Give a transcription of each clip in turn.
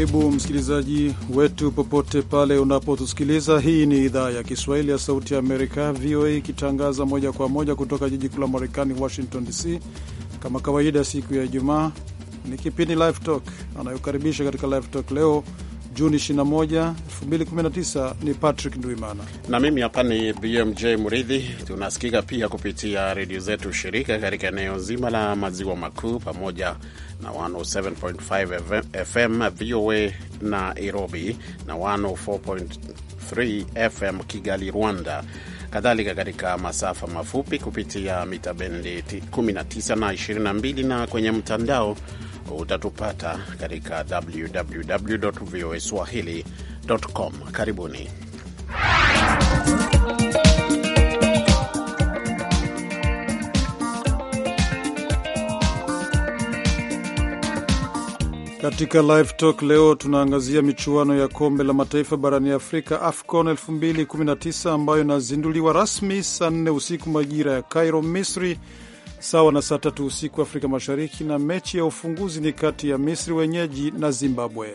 Karibu msikilizaji wetu popote pale unapotusikiliza. Hii ni idhaa ya Kiswahili ya Sauti ya Amerika, VOA, ikitangaza moja kwa moja kutoka jiji kuu la Marekani, Washington DC. Kama kawaida, siku ya Ijumaa ni kipindi Live Talk anayokaribisha katika Live Talk leo Juni 21, 2019. Ni Patrick Ndwimana na mimi hapa ni BMJ Mridhi. Tunasikika pia kupitia redio zetu shirika katika eneo zima la maziwa makuu pamoja na 107.5 FM VOA na Nairobi na 104.3 FM Kigali, Rwanda, kadhalika katika masafa mafupi kupitia mita bendi 19 na 22 na kwenye mtandao utatupata katika www voa swahili.com. Karibuni. Katika Live Talk leo tunaangazia michuano ya kombe la mataifa barani Afrika, AFCON 2019 ambayo inazinduliwa rasmi saa nne usiku majira ya Cairo, Misri, sawa na saa tatu usiku Afrika Mashariki, na mechi ya ufunguzi ni kati ya Misri wenyeji na Zimbabwe.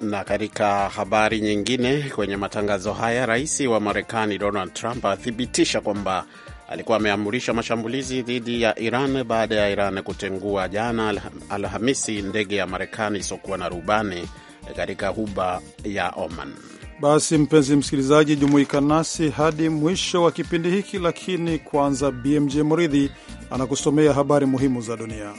Na katika habari nyingine kwenye matangazo haya, rais wa Marekani Donald Trump athibitisha kwamba alikuwa ameamurisha mashambulizi dhidi ya Iran baada ya Iran kutengua jana Alhamisi ndege ya Marekani isiyokuwa na rubani katika huba ya Oman. Basi mpenzi msikilizaji, jumuika nasi hadi mwisho wa kipindi hiki, lakini kwanza, BMJ Mridhi anakusomea habari muhimu za dunia.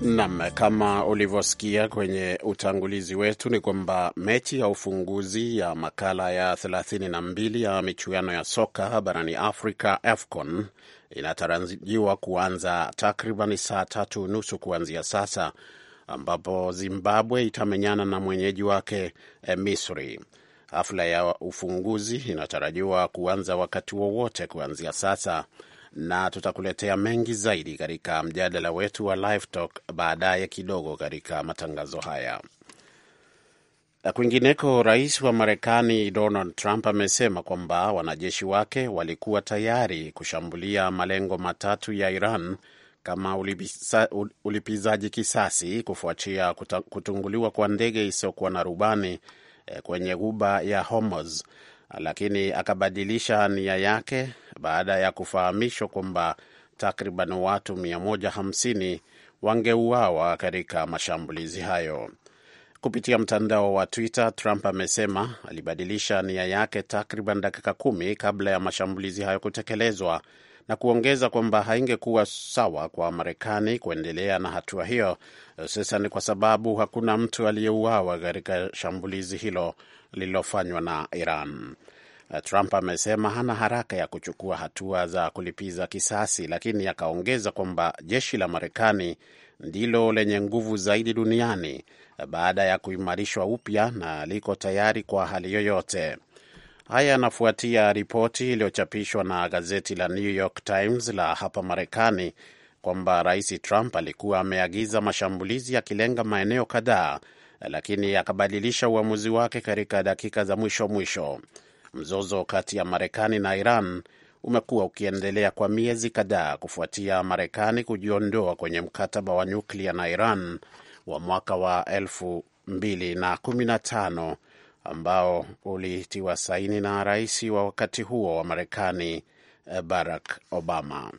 Nam, kama ulivyosikia kwenye utangulizi wetu ni kwamba mechi ya ufunguzi ya makala ya 32 ya michuano ya soka barani Afrika AFCON inatarajiwa kuanza takriban saa tatu nusu kuanzia sasa, ambapo Zimbabwe itamenyana na mwenyeji wake eh, Misri. Hafla ya ufunguzi inatarajiwa kuanza wakati wowote kuanzia sasa, na tutakuletea mengi zaidi katika mjadala wetu wa Live Talk baadaye kidogo katika matangazo haya. Kwingineko, rais wa Marekani Donald Trump amesema kwamba wanajeshi wake walikuwa tayari kushambulia malengo matatu ya Iran kama ulipisa, ulipizaji kisasi kufuatia kutunguliwa kwa ndege isiyokuwa na rubani eh, kwenye ghuba ya Hormuz, lakini akabadilisha nia yake baada ya kufahamishwa kwamba takriban watu 150 wangeuawa katika mashambulizi hayo. Kupitia mtandao wa Twitter, Trump amesema alibadilisha nia yake takriban dakika kumi kabla ya mashambulizi hayo kutekelezwa na kuongeza kwamba haingekuwa sawa kwa Marekani kuendelea na hatua hiyo, hususan kwa sababu hakuna mtu aliyeuawa katika shambulizi hilo lililofanywa na Iran. Trump amesema hana haraka ya kuchukua hatua za kulipiza kisasi, lakini akaongeza kwamba jeshi la Marekani ndilo lenye nguvu zaidi duniani baada ya kuimarishwa upya na liko tayari kwa hali yoyote. Haya yanafuatia ripoti iliyochapishwa na gazeti la New York Times la hapa Marekani kwamba Rais Trump alikuwa ameagiza mashambulizi yakilenga maeneo kadhaa, lakini akabadilisha uamuzi wake katika dakika za mwisho mwisho. Mzozo kati ya Marekani na Iran umekuwa ukiendelea kwa miezi kadhaa kufuatia Marekani kujiondoa kwenye mkataba wa nyuklia na Iran wa mwaka wa elfu mbili na kumi na tano ambao ulitiwa saini na rais wa wakati huo wa Marekani eh, Barack Obama.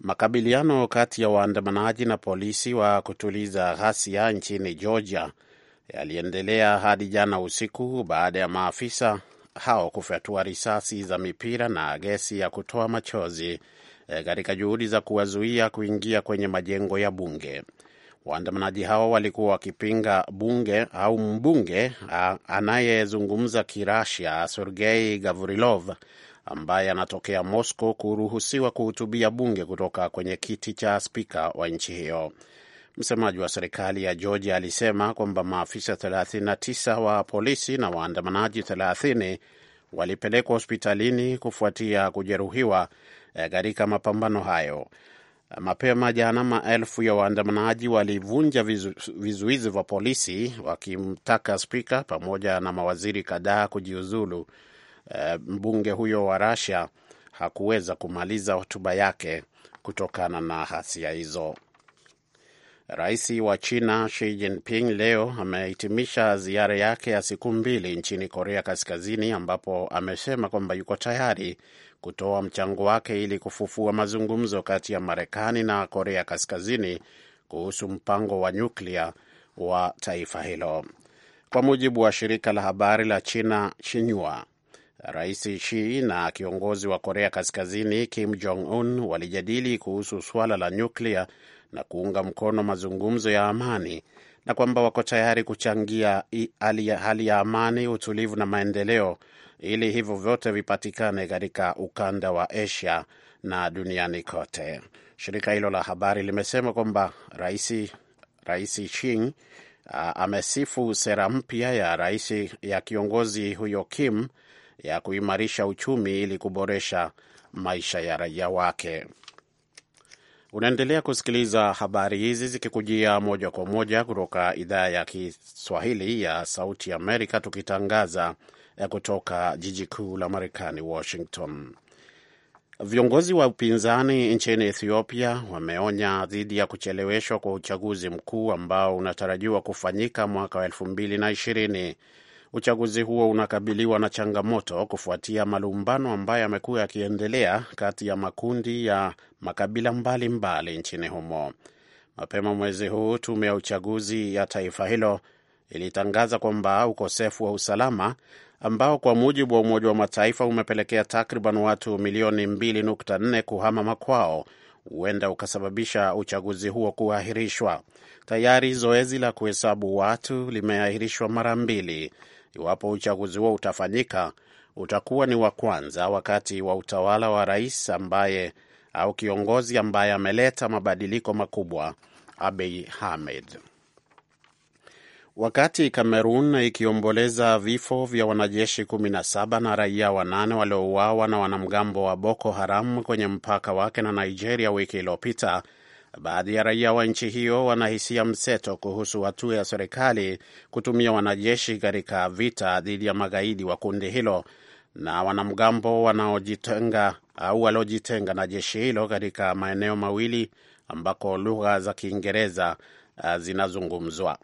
Makabiliano kati ya waandamanaji na polisi wa kutuliza ghasia nchini Georgia yaliendelea hadi jana usiku baada ya maafisa hao kufyatua risasi za mipira na gesi ya kutoa machozi Eh, katika juhudi za kuwazuia kuingia kwenye majengo ya bunge. Waandamanaji hao walikuwa wakipinga bunge au mbunge anayezungumza Kirasia Sergei Gavrilov ambaye anatokea Moscow kuruhusiwa kuhutubia bunge kutoka kwenye kiti cha spika wa nchi hiyo. Msemaji wa serikali ya Georgia alisema kwamba maafisa 39 wa polisi na waandamanaji 30 walipelekwa hospitalini kufuatia kujeruhiwa Eh, katika mapambano hayo. Mapema jana maelfu ya waandamanaji walivunja vizuizi vya polisi wakimtaka spika pamoja na mawaziri kadhaa kujiuzulu. Eh, mbunge huyo wa Russia hakuweza kumaliza hotuba yake kutokana na hasia hizo. Rais wa China Xi Jinping leo amehitimisha ziara yake ya siku mbili nchini Korea Kaskazini ambapo amesema kwamba yuko tayari kutoa mchango wake ili kufufua mazungumzo kati ya Marekani na Korea Kaskazini kuhusu mpango wa nyuklia wa taifa hilo. Kwa mujibu wa shirika la habari la China Xinhua, Rais Xi na kiongozi wa Korea Kaskazini Kim Jong Un walijadili kuhusu suala la nyuklia na kuunga mkono mazungumzo ya amani na kwamba wako tayari kuchangia hali ya amani, utulivu na maendeleo ili hivyo vyote vipatikane katika ukanda wa Asia na duniani kote. Shirika hilo la habari limesema kwamba rais Rais amesifu sera mpya ya rais ya kiongozi huyo Kim ya kuimarisha uchumi ili kuboresha maisha ya raia wake. Unaendelea kusikiliza habari hizi zikikujia moja kwa moja kutoka idhaa ya Kiswahili ya Sauti Amerika, tukitangaza eh, kutoka jiji kuu la Marekani, Washington. Viongozi wa upinzani nchini Ethiopia wameonya dhidi ya kucheleweshwa kwa uchaguzi mkuu ambao unatarajiwa kufanyika mwaka wa elfu mbili na ishirini. Uchaguzi huo unakabiliwa na changamoto kufuatia malumbano ambayo yamekuwa yakiendelea kati ya makundi ya makabila mbalimbali mbali nchini humo. Mapema mwezi huu tume ya uchaguzi ya taifa hilo ilitangaza kwamba ukosefu wa usalama ambao kwa mujibu wa Umoja wa Mataifa umepelekea takriban watu milioni 2.4 kuhama makwao huenda ukasababisha uchaguzi huo kuahirishwa. Tayari zoezi la kuhesabu watu limeahirishwa mara mbili iwapo uchaguzi huo utafanyika, utakuwa ni wa kwanza wakati wa utawala wa rais ambaye au kiongozi ambaye ameleta mabadiliko makubwa, Abiy Ahmed. Wakati Kamerun ikiomboleza vifo vya wanajeshi 17 na raia wanane waliouawa na wanamgambo wa Boko Haram kwenye mpaka wake na Nigeria wiki iliyopita, Baadhi ya raia wa nchi hiyo wanahisia mseto kuhusu hatua ya serikali kutumia wanajeshi katika vita dhidi ya magaidi wa kundi hilo na wanamgambo wanaojitenga au waliojitenga na jeshi hilo katika maeneo mawili ambako lugha za Kiingereza uh, zinazungumzwa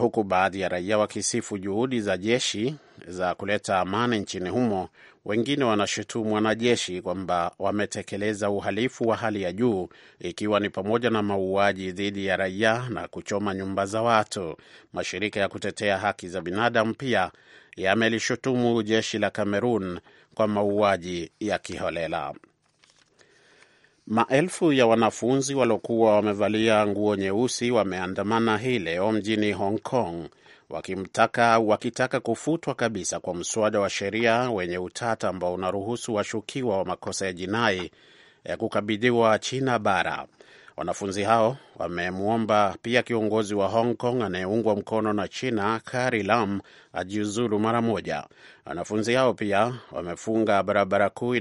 huku baadhi ya raia wakisifu juhudi za jeshi za kuleta amani nchini humo wengine wanashutumu wanajeshi kwamba wametekeleza uhalifu wa hali ya juu, ikiwa ni pamoja na mauaji dhidi ya raia na kuchoma nyumba za watu. Mashirika ya kutetea haki za binadamu pia yamelishutumu jeshi la Kamerun kwa mauaji ya kiholela. Maelfu ya wanafunzi waliokuwa wamevalia nguo nyeusi wameandamana hii leo mjini Hong Kong wakimtaka wakitaka kufutwa kabisa kwa mswada wa sheria wenye utata ambao unaruhusu washukiwa wa makosa ya jinai ya eh, kukabidhiwa China bara. Wanafunzi hao wamemwomba pia kiongozi wa Hong Kong anayeungwa mkono na China Carrie Lam ajiuzulu mara moja. Wanafunzi hao pia wamefunga barabara kuu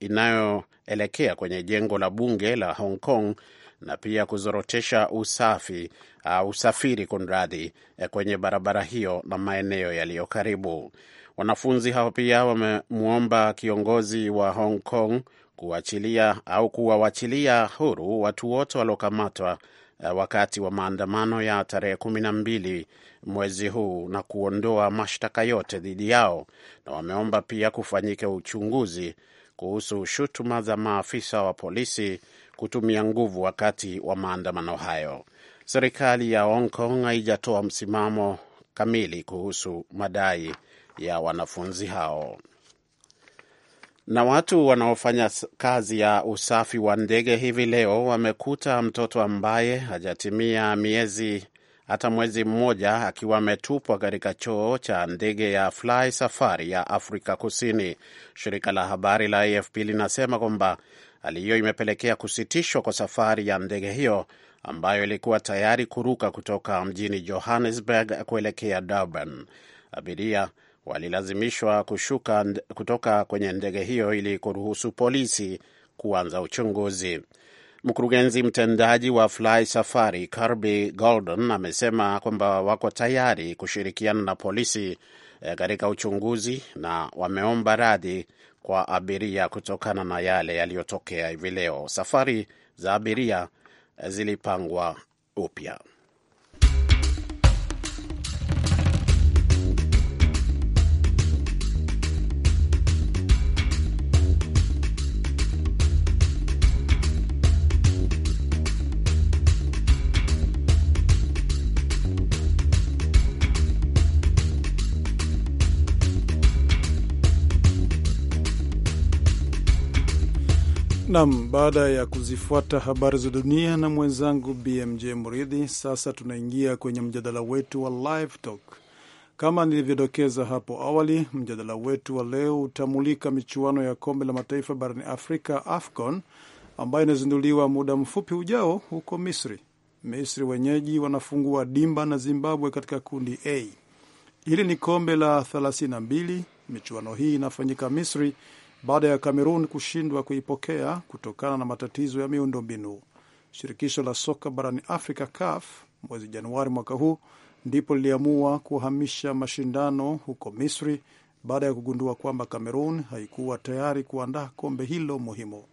inayoelekea kwenye jengo la bunge la Hong Kong na pia kuzorotesha usafi uh, usafiri kunradhi, eh, kwenye barabara hiyo na maeneo yaliyo karibu. Wanafunzi hao pia wamemwomba kiongozi wa Hong Kong kuachilia au kuwawachilia huru watu wote waliokamatwa eh, wakati wa maandamano ya tarehe kumi na mbili mwezi huu na kuondoa mashtaka yote dhidi yao, na wameomba pia kufanyika uchunguzi kuhusu shutuma za maafisa wa polisi kutumia nguvu wakati wa maandamano hayo. Serikali ya Hong Kong haijatoa msimamo kamili kuhusu madai ya wanafunzi hao. Na watu wanaofanya kazi ya usafi wa ndege hivi leo wamekuta mtoto ambaye hajatimia miezi hata mwezi mmoja akiwa ametupwa katika choo cha ndege ya Fly Safari ya Afrika Kusini. Shirika la habari la AFP linasema kwamba Hali hiyo imepelekea kusitishwa kwa safari ya ndege hiyo ambayo ilikuwa tayari kuruka kutoka mjini Johannesburg kuelekea Durban. Abiria walilazimishwa kushuka kutoka kwenye ndege hiyo ili kuruhusu polisi kuanza uchunguzi. Mkurugenzi mtendaji wa Fly Safari Kirby Golden amesema kwamba wako tayari kushirikiana na polisi eh, katika uchunguzi na wameomba radhi kwa abiria kutokana na yale yaliyotokea hivi leo. Safari za abiria zilipangwa upya. Nam, baada ya kuzifuata habari za dunia na mwenzangu BMJ Muridhi, sasa tunaingia kwenye mjadala wetu wa Live Talk. Kama nilivyodokeza hapo awali, mjadala wetu wa leo utamulika michuano ya kombe la mataifa barani Afrika, AFCON, ambayo inazinduliwa muda mfupi ujao huko Misri. Misri wenyeji wanafungua dimba na Zimbabwe katika kundi A. Hili ni kombe la 32. Michuano hii inafanyika Misri baada ya cameron kushindwa kuipokea kutokana na matatizo ya miundombinu. Shirikisho la soka barani Afrika, CAF, mwezi Januari mwaka huu ndipo liliamua kuhamisha mashindano huko Misri baada ya kugundua kwamba cameron haikuwa tayari kuandaa kombe hilo muhimu.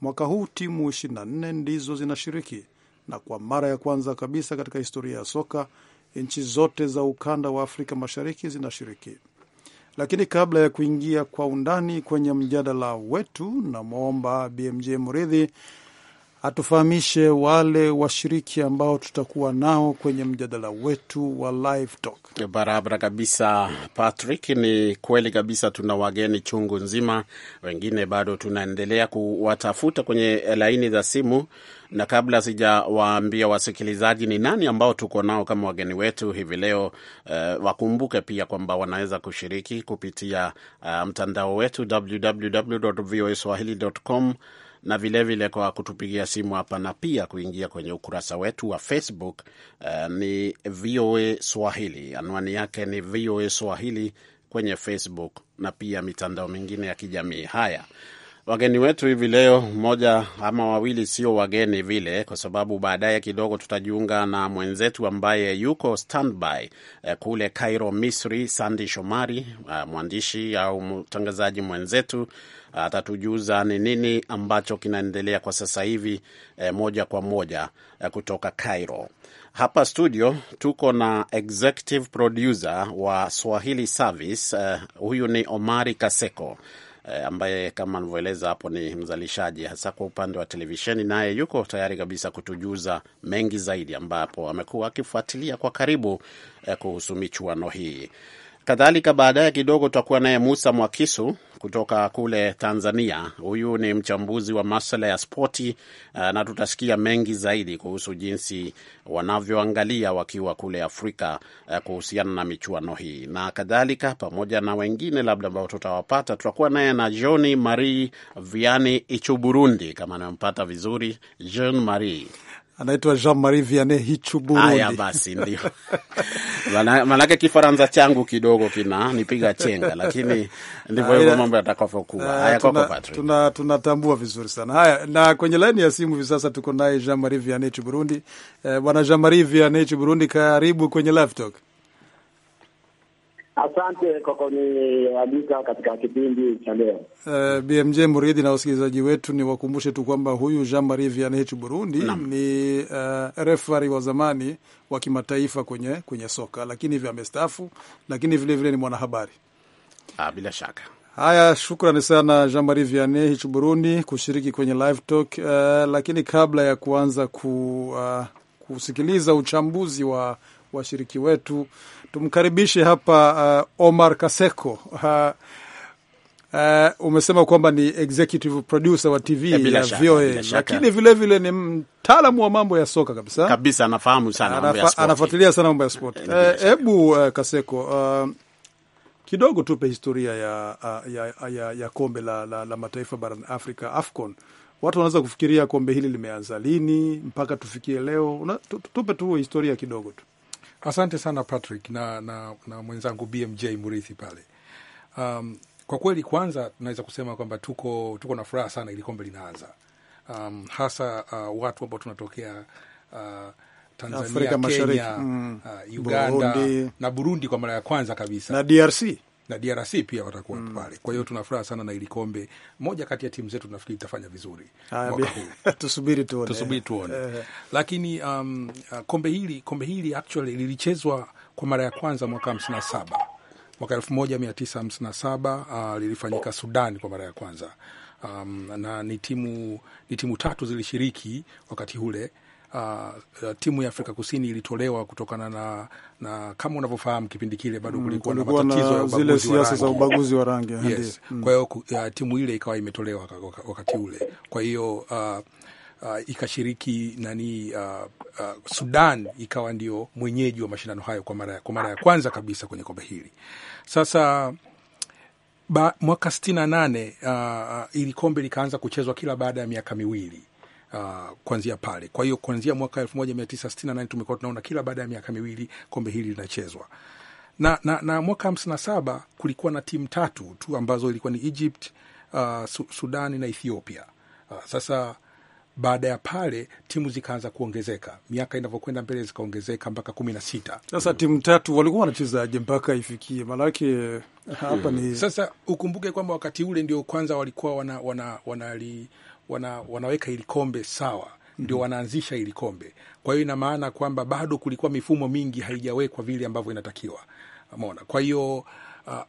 Mwaka huu timu 24 ndizo zinashiriki na kwa mara ya kwanza kabisa katika historia ya soka nchi zote za ukanda wa Afrika Mashariki zinashiriki. Lakini kabla ya kuingia kwa undani kwenye mjadala wetu, namwomba BMJ Muridhi atufahamishe wale washiriki ambao tutakuwa nao kwenye mjadala wetu wa live talk. Barabara kabisa, Patrick. Ni kweli kabisa, tuna wageni chungu nzima, wengine bado tunaendelea kuwatafuta kwenye laini za simu, na kabla sijawaambia wasikilizaji ni nani ambao tuko nao kama wageni wetu hivi leo, uh, wakumbuke pia kwamba wanaweza kushiriki kupitia uh, mtandao wetu www.voaswahili.com na vilevile vile kwa kutupigia simu hapa na pia kuingia kwenye ukurasa wetu wa Facebook. Uh, ni VOA Swahili, anwani yake ni VOA Swahili kwenye Facebook na pia mitandao mingine ya kijamii. Haya, wageni wetu hivi leo, mmoja ama wawili, sio wageni vile, kwa sababu baadaye kidogo tutajiunga na mwenzetu ambaye yuko standby eh, kule Cairo, Misri, Sandi Shomari, eh, mwandishi au mtangazaji mwenzetu atatujuza ni nini ambacho kinaendelea kwa sasa hivi eh, moja kwa moja eh, kutoka Cairo. Hapa studio tuko na executive producer wa Swahili Service eh, huyu ni Omari Kaseko eh, ambaye kama anavyoeleza hapo ni mzalishaji hasa kwa upande wa televisheni, naye yuko tayari kabisa kutujuza mengi zaidi, ambapo amekuwa akifuatilia kwa karibu eh, kuhusu michuano hii. Kadhalika baadaye kidogo tutakuwa naye Musa Mwakisu kutoka kule Tanzania. Huyu ni mchambuzi wa masuala ya spoti eh, na tutasikia mengi zaidi kuhusu jinsi wanavyoangalia wakiwa kule Afrika eh, kuhusiana na michuano hii na kadhalika, pamoja na wengine labda ambao tutawapata. Tutakuwa naye na Jean Marie Viani Ichu Burundi, kama anayompata vizuri Jean Marie anaitwa Jean Marie Vianney hichu Burundi. Haya basi, ndio maanake Kifaransa changu kidogo kina nipiga chenga, lakini ndivyo hivyo mambo yatakavyokuwa. Eh, haya, kwako Patrick. Tuna tunatambua vizuri sana haya, na kwenye laini ya simu hivi sasa tuko naye Jean Marie Vianney hichu Burundi. Eh, bwana Jean Marie Vianney hichu Burundi, karibu kwenye live talk. Asante kwa kunialika katika kipindi cha leo. Uh, eh, BMJ Muridhi na wasikilizaji wetu ni wakumbushe tu kwamba huyu Jean Marie Vianney Burundi na ni uh, eh, refari wa zamani wa kimataifa kwenye kwenye soka, lakini hivi amestaafu, lakini vilevile vile ni mwanahabari ah, bila shaka. Haya, shukrani sana Jean Marie Vianney Hichu Burundi kushiriki kwenye live talk. Uh, lakini kabla ya kuanza ku, uh, kusikiliza uchambuzi wa washiriki wetu Tumkaribishe hapa uh, Omar Kaseko uh, uh, umesema kwamba ni executive producer wa TV eh, ya VOA, lakini vilevile ni mtaalamu wa mambo ya soka kabisa kabisa, anafahamu sana mambo ya sport, anafuatilia sana mambo ya sport. Eh, eh, hebu uh, Kaseko uh, kidogo tupe historia ya, uh, ya, ya, ya kombe la, la, la mataifa barani Afrika, AFCON. Watu wanaweza kufikiria kombe hili limeanza lini mpaka tufikie leo. Una, tupe tu historia kidogo tu. Asante sana Patrick na, na, na mwenzangu BMJ Murithi pale. Um, kwa kweli kwanza tunaweza kusema kwamba tuko, tuko na furaha sana ili kombe linaanza, um, hasa uh, watu ambao tunatokea uh, Tanzania, Kenya, mm, uh, Uganda Burundi na Burundi kwa mara ya kwanza kabisa na DRC na DRC pia watakuwa mm. pale. Kwa hiyo tuna sana na ili kombe, moja kati ya timu zetu nafikiri itafanya vizuri tusubiri tuone, tusubiri tuone. Eh. Lakini um, uh, kombe hili kombe hili actually lilichezwa kwa mara ya kwanza mwaka hamsini na saba mwaka elfu moja mia tisa hamsini na saba uh, lilifanyika Sudan kwa mara ya kwanza um, na ni timu ni timu tatu zilishiriki wakati ule uh, uh, timu ya Afrika Kusini ilitolewa kutokana na, na kama unavyofahamu kipindi kile bado mm, kulikuwa mm, na matatizo ya zile siasa za ubaguzi wa rangi yes. mm. Kwa hiyo uh, timu ile ikawa imetolewa wakati ule, kwa hiyo uh, uh, ikashiriki nani uh, uh, Sudan ikawa ndio mwenyeji wa mashindano hayo kwa mara, kwa mara ya kwanza kabisa kwenye kombe hili sasa Ba, mwaka sitini na nane uh, uh ili kombe likaanza kuchezwa kila baada ya miaka miwili uh, kuanzia pale. Kwa hiyo kuanzia mwaka elfu moja mia tisa sitini na nane tumekuwa tunaona kila baada ya miaka miwili kombe hili linachezwa na, na, na mwaka na saba kulikuwa na timu tatu tu ambazo ilikuwa ni Egypt, uh, Sudani na Ethiopia. Uh, sasa baada ya pale timu zikaanza kuongezeka, miaka inavyokwenda mbele zikaongezeka mpaka kumi na sita. Sasa timu tatu walikuwa wanachezaje mpaka ifikie? Maanake uh, hapa Mm. ni sasa, ukumbuke kwamba wakati ule ndio kwanza walikuwa wana, wana, wanali wana, wanaweka ili kombe sawa ndio wanaanzisha ili kombe. Kwa hiyo ina maana kwamba bado kulikuwa mifumo mingi haijawekwa vile ambavyo inatakiwa. Umeona? Kwa hiyo uh,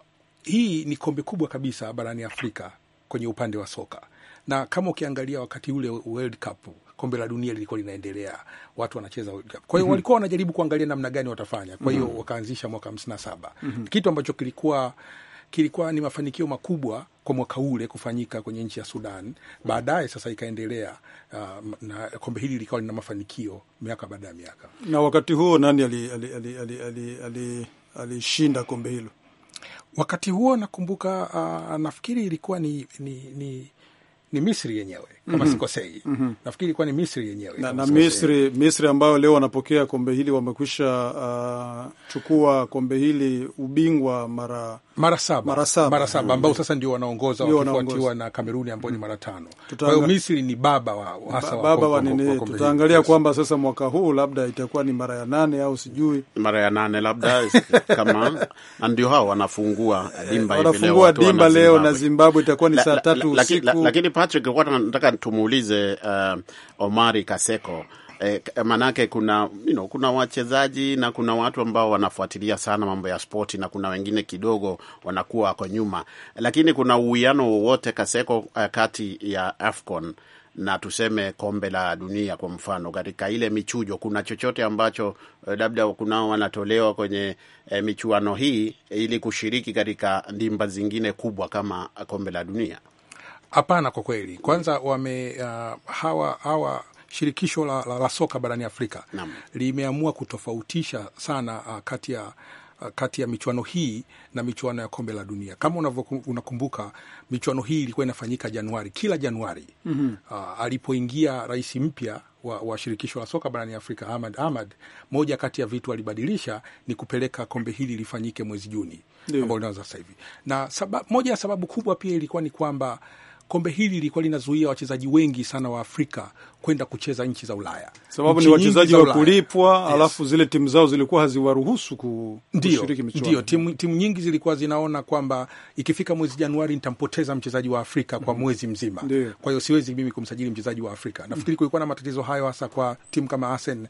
hii ni kombe kubwa kabisa barani Afrika kwenye upande wa soka, na kama ukiangalia wakati ule World Cup, kombe la dunia lilikuwa linaendelea, watu wanacheza World Cup. Kwa hiyo mm -hmm. walikuwa wanajaribu kuangalia namna gani watafanya. Kwa hiyo mm -hmm. wakaanzisha mwaka hamsini na saba mm -hmm. kitu ambacho kilikuwa kilikuwa ni mafanikio makubwa kwa mwaka ule kufanyika kwenye nchi ya Sudan. Baadaye sasa ikaendelea uh, na kombe hili likawa lina mafanikio miaka baada ya miaka. Na wakati huo nani alishinda ali, ali, ali, ali, ali, ali kombe hilo? Wakati huo nakumbuka, uh, nafikiri ilikuwa ni, ni, ni ni Misri yenyewe kama mm -hmm. sikosei mm -hmm. nafikiri kuwa ni Misri yenyewe na, na Misri, Misri ambayo leo wanapokea kombe hili wamekwisha uh, chukua kombe hili ubingwa mara mara saba mara saba, mara saba ambao sasa ndio wanaongoza wakifuatiwa na Kameruni ambao ni mara tano. Kwa hiyo Misri ni baba wao hasa baba wa nini. Tutaangalia kwamba sasa mwaka huu labda itakuwa ni mara ya nane au sijui mara ya nane labda kama ndio hao wanafungua dimba hivi leo wanafungua dimba leo na Zimbabwe itakuwa ni saa tatu usiku lakini la, la, la, la, la, la, la, la, ambacho kilikuwa nataka tumuulize uh, Omari Kaseko eh, manake kuna you know, kuna wachezaji na kuna watu ambao wanafuatilia sana mambo ya spoti na kuna wengine kidogo wanakuwa wako nyuma, lakini kuna uwiano wowote Kaseko uh, kati ya AFCON na tuseme kombe la dunia kwa mfano, katika ile michujo, kuna chochote ambacho uh, labda kunao wanatolewa kwenye e, michuano hii ili kushiriki katika ndimba zingine kubwa kama kombe la dunia? Hapana, kwa kweli, kwanza wame uh, hawa hawa shirikisho la, la, la soka barani Afrika limeamua kutofautisha sana uh, kati ya uh, kati ya michuano hii na michuano ya kombe la dunia. Kama unakumbuka, michuano hii ilikuwa inafanyika Januari, kila Januari mm -hmm. Uh, alipoingia rais mpya wa, wa shirikisho la soka barani Afrika Ahmad Ahmad, moja kati ya vitu alibadilisha ni kupeleka kombe hili lifanyike mwezi Juni ambao linaanza sasa hivi, na sababu, moja ya sababu kubwa pia ilikuwa ni kwamba kombe hili lilikuwa linazuia wachezaji wengi sana wa Afrika kwenda kucheza nchi za Ulaya, sababu ni wachezaji wa kulipwa yes. Alafu zile timu zao zilikuwa haziwaruhusu kushiriki michuano. Ndio timu, timu nyingi zilikuwa zinaona kwamba ikifika mwezi Januari nitampoteza mchezaji wa Afrika kwa mm-hmm. mwezi mzima Ndiyo. Kwa hiyo siwezi mimi kumsajili mchezaji wa Afrika. Nafikiri mm-hmm. kulikuwa na matatizo hayo hasa kwa timu kama Arsenal,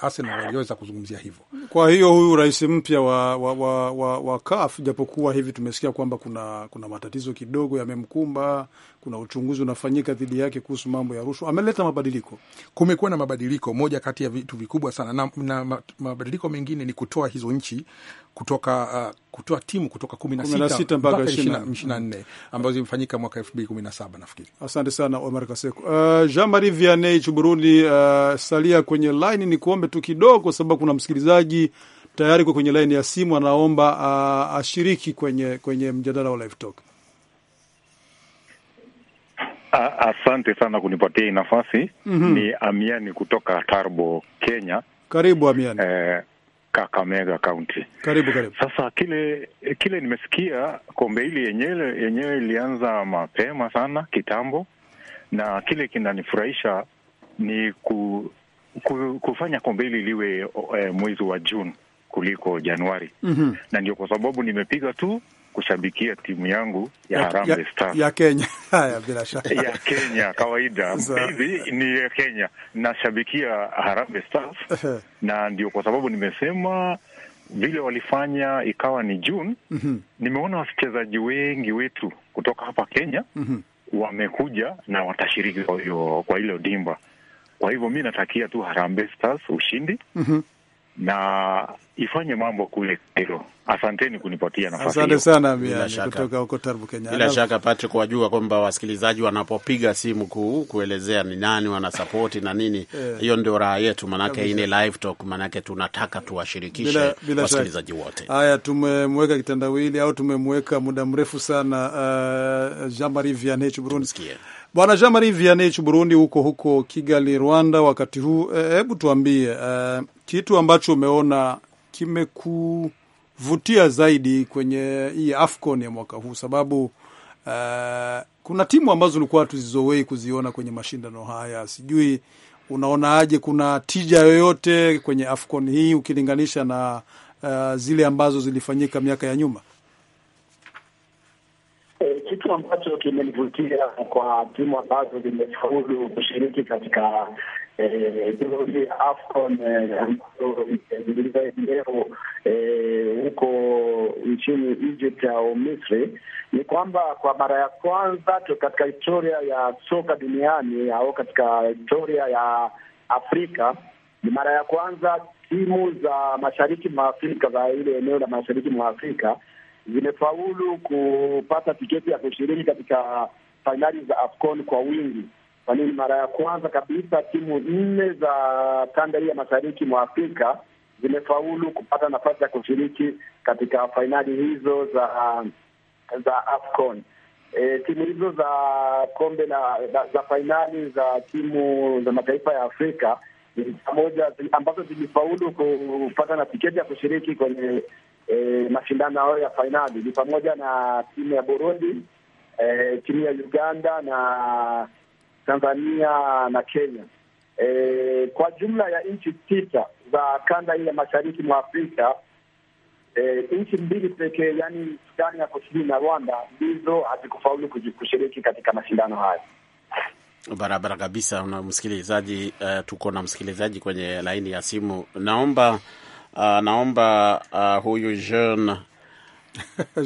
Arsenal waliweza kuzungumzia hivyo. Kwa hiyo huyu rais mpya wa, wa, wa, wa, wa CAF japokuwa hivi tumesikia kwamba kuna, kuna matatizo kidogo yamemkumba kuna uchunguzi unafanyika dhidi yake kuhusu mambo ya rushwa. Ameleta mabadiliko, kumekuwa na mabadiliko. Moja kati ya vitu vikubwa sana na, na mabadiliko mengine ni kutoa hizo nchi kutoka uh, kutoa timu kutoka kumi na sita mpaka ishirini na nne ambazo zimefanyika mwaka elfu mbili kumi na saba nafikiri. Asante sana Omar Kaseko. Uh, Jean Marie Vianney Burundi, uh, salia kwenye laini, ni kuombe tu kidogo, sababu kuna msikilizaji tayari kwa kwenye laini ya simu anaomba uh, ashiriki kwenye, kwenye mjadala wa Live Talk. Asante sana kunipatia hii nafasi. mm -hmm. Ni Amiani kutoka Tarbo, Kenya. Karibu Amiani. Eh, Kakamega County. Karibu, karibu. Sasa kile kile nimesikia kombe hili yenyewe yenyewe ilianza mapema sana kitambo, na kile kinanifurahisha ni ku, ku, kufanya kombe hili liwe eh, mwezi wa Juni kuliko Januari. mm -hmm. Na ndio kwa sababu nimepiga tu kushabikia timu yangu ya Harambee ya, Stars ya Kenya. Haya, bila shaka ya Kenya kawaida hivi ni ya Kenya, nashabikia Harambee Stars na ndio kwa sababu nimesema vile walifanya ikawa ni June. mm -hmm. Nimeona wachezaji wengi wetu kutoka hapa Kenya mm -hmm. wamekuja na watashiriki kwa ile dimba. Kwa hivyo mi natakia tu Harambee Stars ushindi mm -hmm. na ifanye mambo kule Kairo. Asanteni kunipatia nafasi. Asante sana Miani kutoka huko Tarbu, Kenya. Bila shaka Patrick, wajua kwamba wasikilizaji wanapopiga simu kuu kuelezea ni nani wanasapoti na nini, eh. hiyo ndio raha yetu, manake hii live talk, manake tunataka tuwashirikishe wasikilizaji wote. Haya, tumemweka kitandawili au tumemweka muda mrefu sana uh, Jean Marie Vianney Burundi. Bwana Jean Marie Vianney Burundi, huko huko Kigali, Rwanda, wakati huu, eh, hebu tuambie uh, kitu ambacho umeona kimekuvutia zaidi kwenye hii AFCON ya mwaka huu sababu uh, kuna timu ambazo ulikuwa tuzizoei kuziona kwenye mashindano haya. Sijui unaonaje kuna tija yoyote kwenye AFCON hii ukilinganisha na uh, zile ambazo zilifanyika miaka ya nyuma? E, kitu ambacho kimenivutia kwa timu ambazo zimefaulu kushiriki katika tuzo hii ya AFCON eh, leo eh, huko nchini Egypt au Misri, ni kwamba kwa mara ya kwanza katika historia ya soka duniani au katika historia ya Afrika ni mara ya kwanza timu za mashariki mwa Afrika za ile eneo la mashariki mwa Afrika zimefaulu kupata tiketi ya kushiriki katika fainali za AFCON kwa wingi kwa nini mara ya kwanza kabisa timu nne za kanda hii ya mashariki mwa Afrika zimefaulu kupata nafasi ya kushiriki katika fainali hizo za za AFCON. E, timu hizo za kombe la za fainali za timu za mataifa ya Afrika pamoja ambazo zilifaulu kupata na tiketi ya kushiriki kwenye e, mashindano hayo ya fainali ni pamoja na timu ya Burundi, e, timu ya Uganda na Tanzania na Kenya. E, kwa jumla ya nchi sita za kanda hii ya mashariki mwa Afrika e, nchi mbili pekee, yaani Sudani ya Kusini na Rwanda ndizo hazikufaulu kushiriki katika mashindano haya. Barabara kabisa. Na msikilizaji, uh, tuko na msikilizaji kwenye laini ya simu. Naomba uh, naomba uh, huyu Jean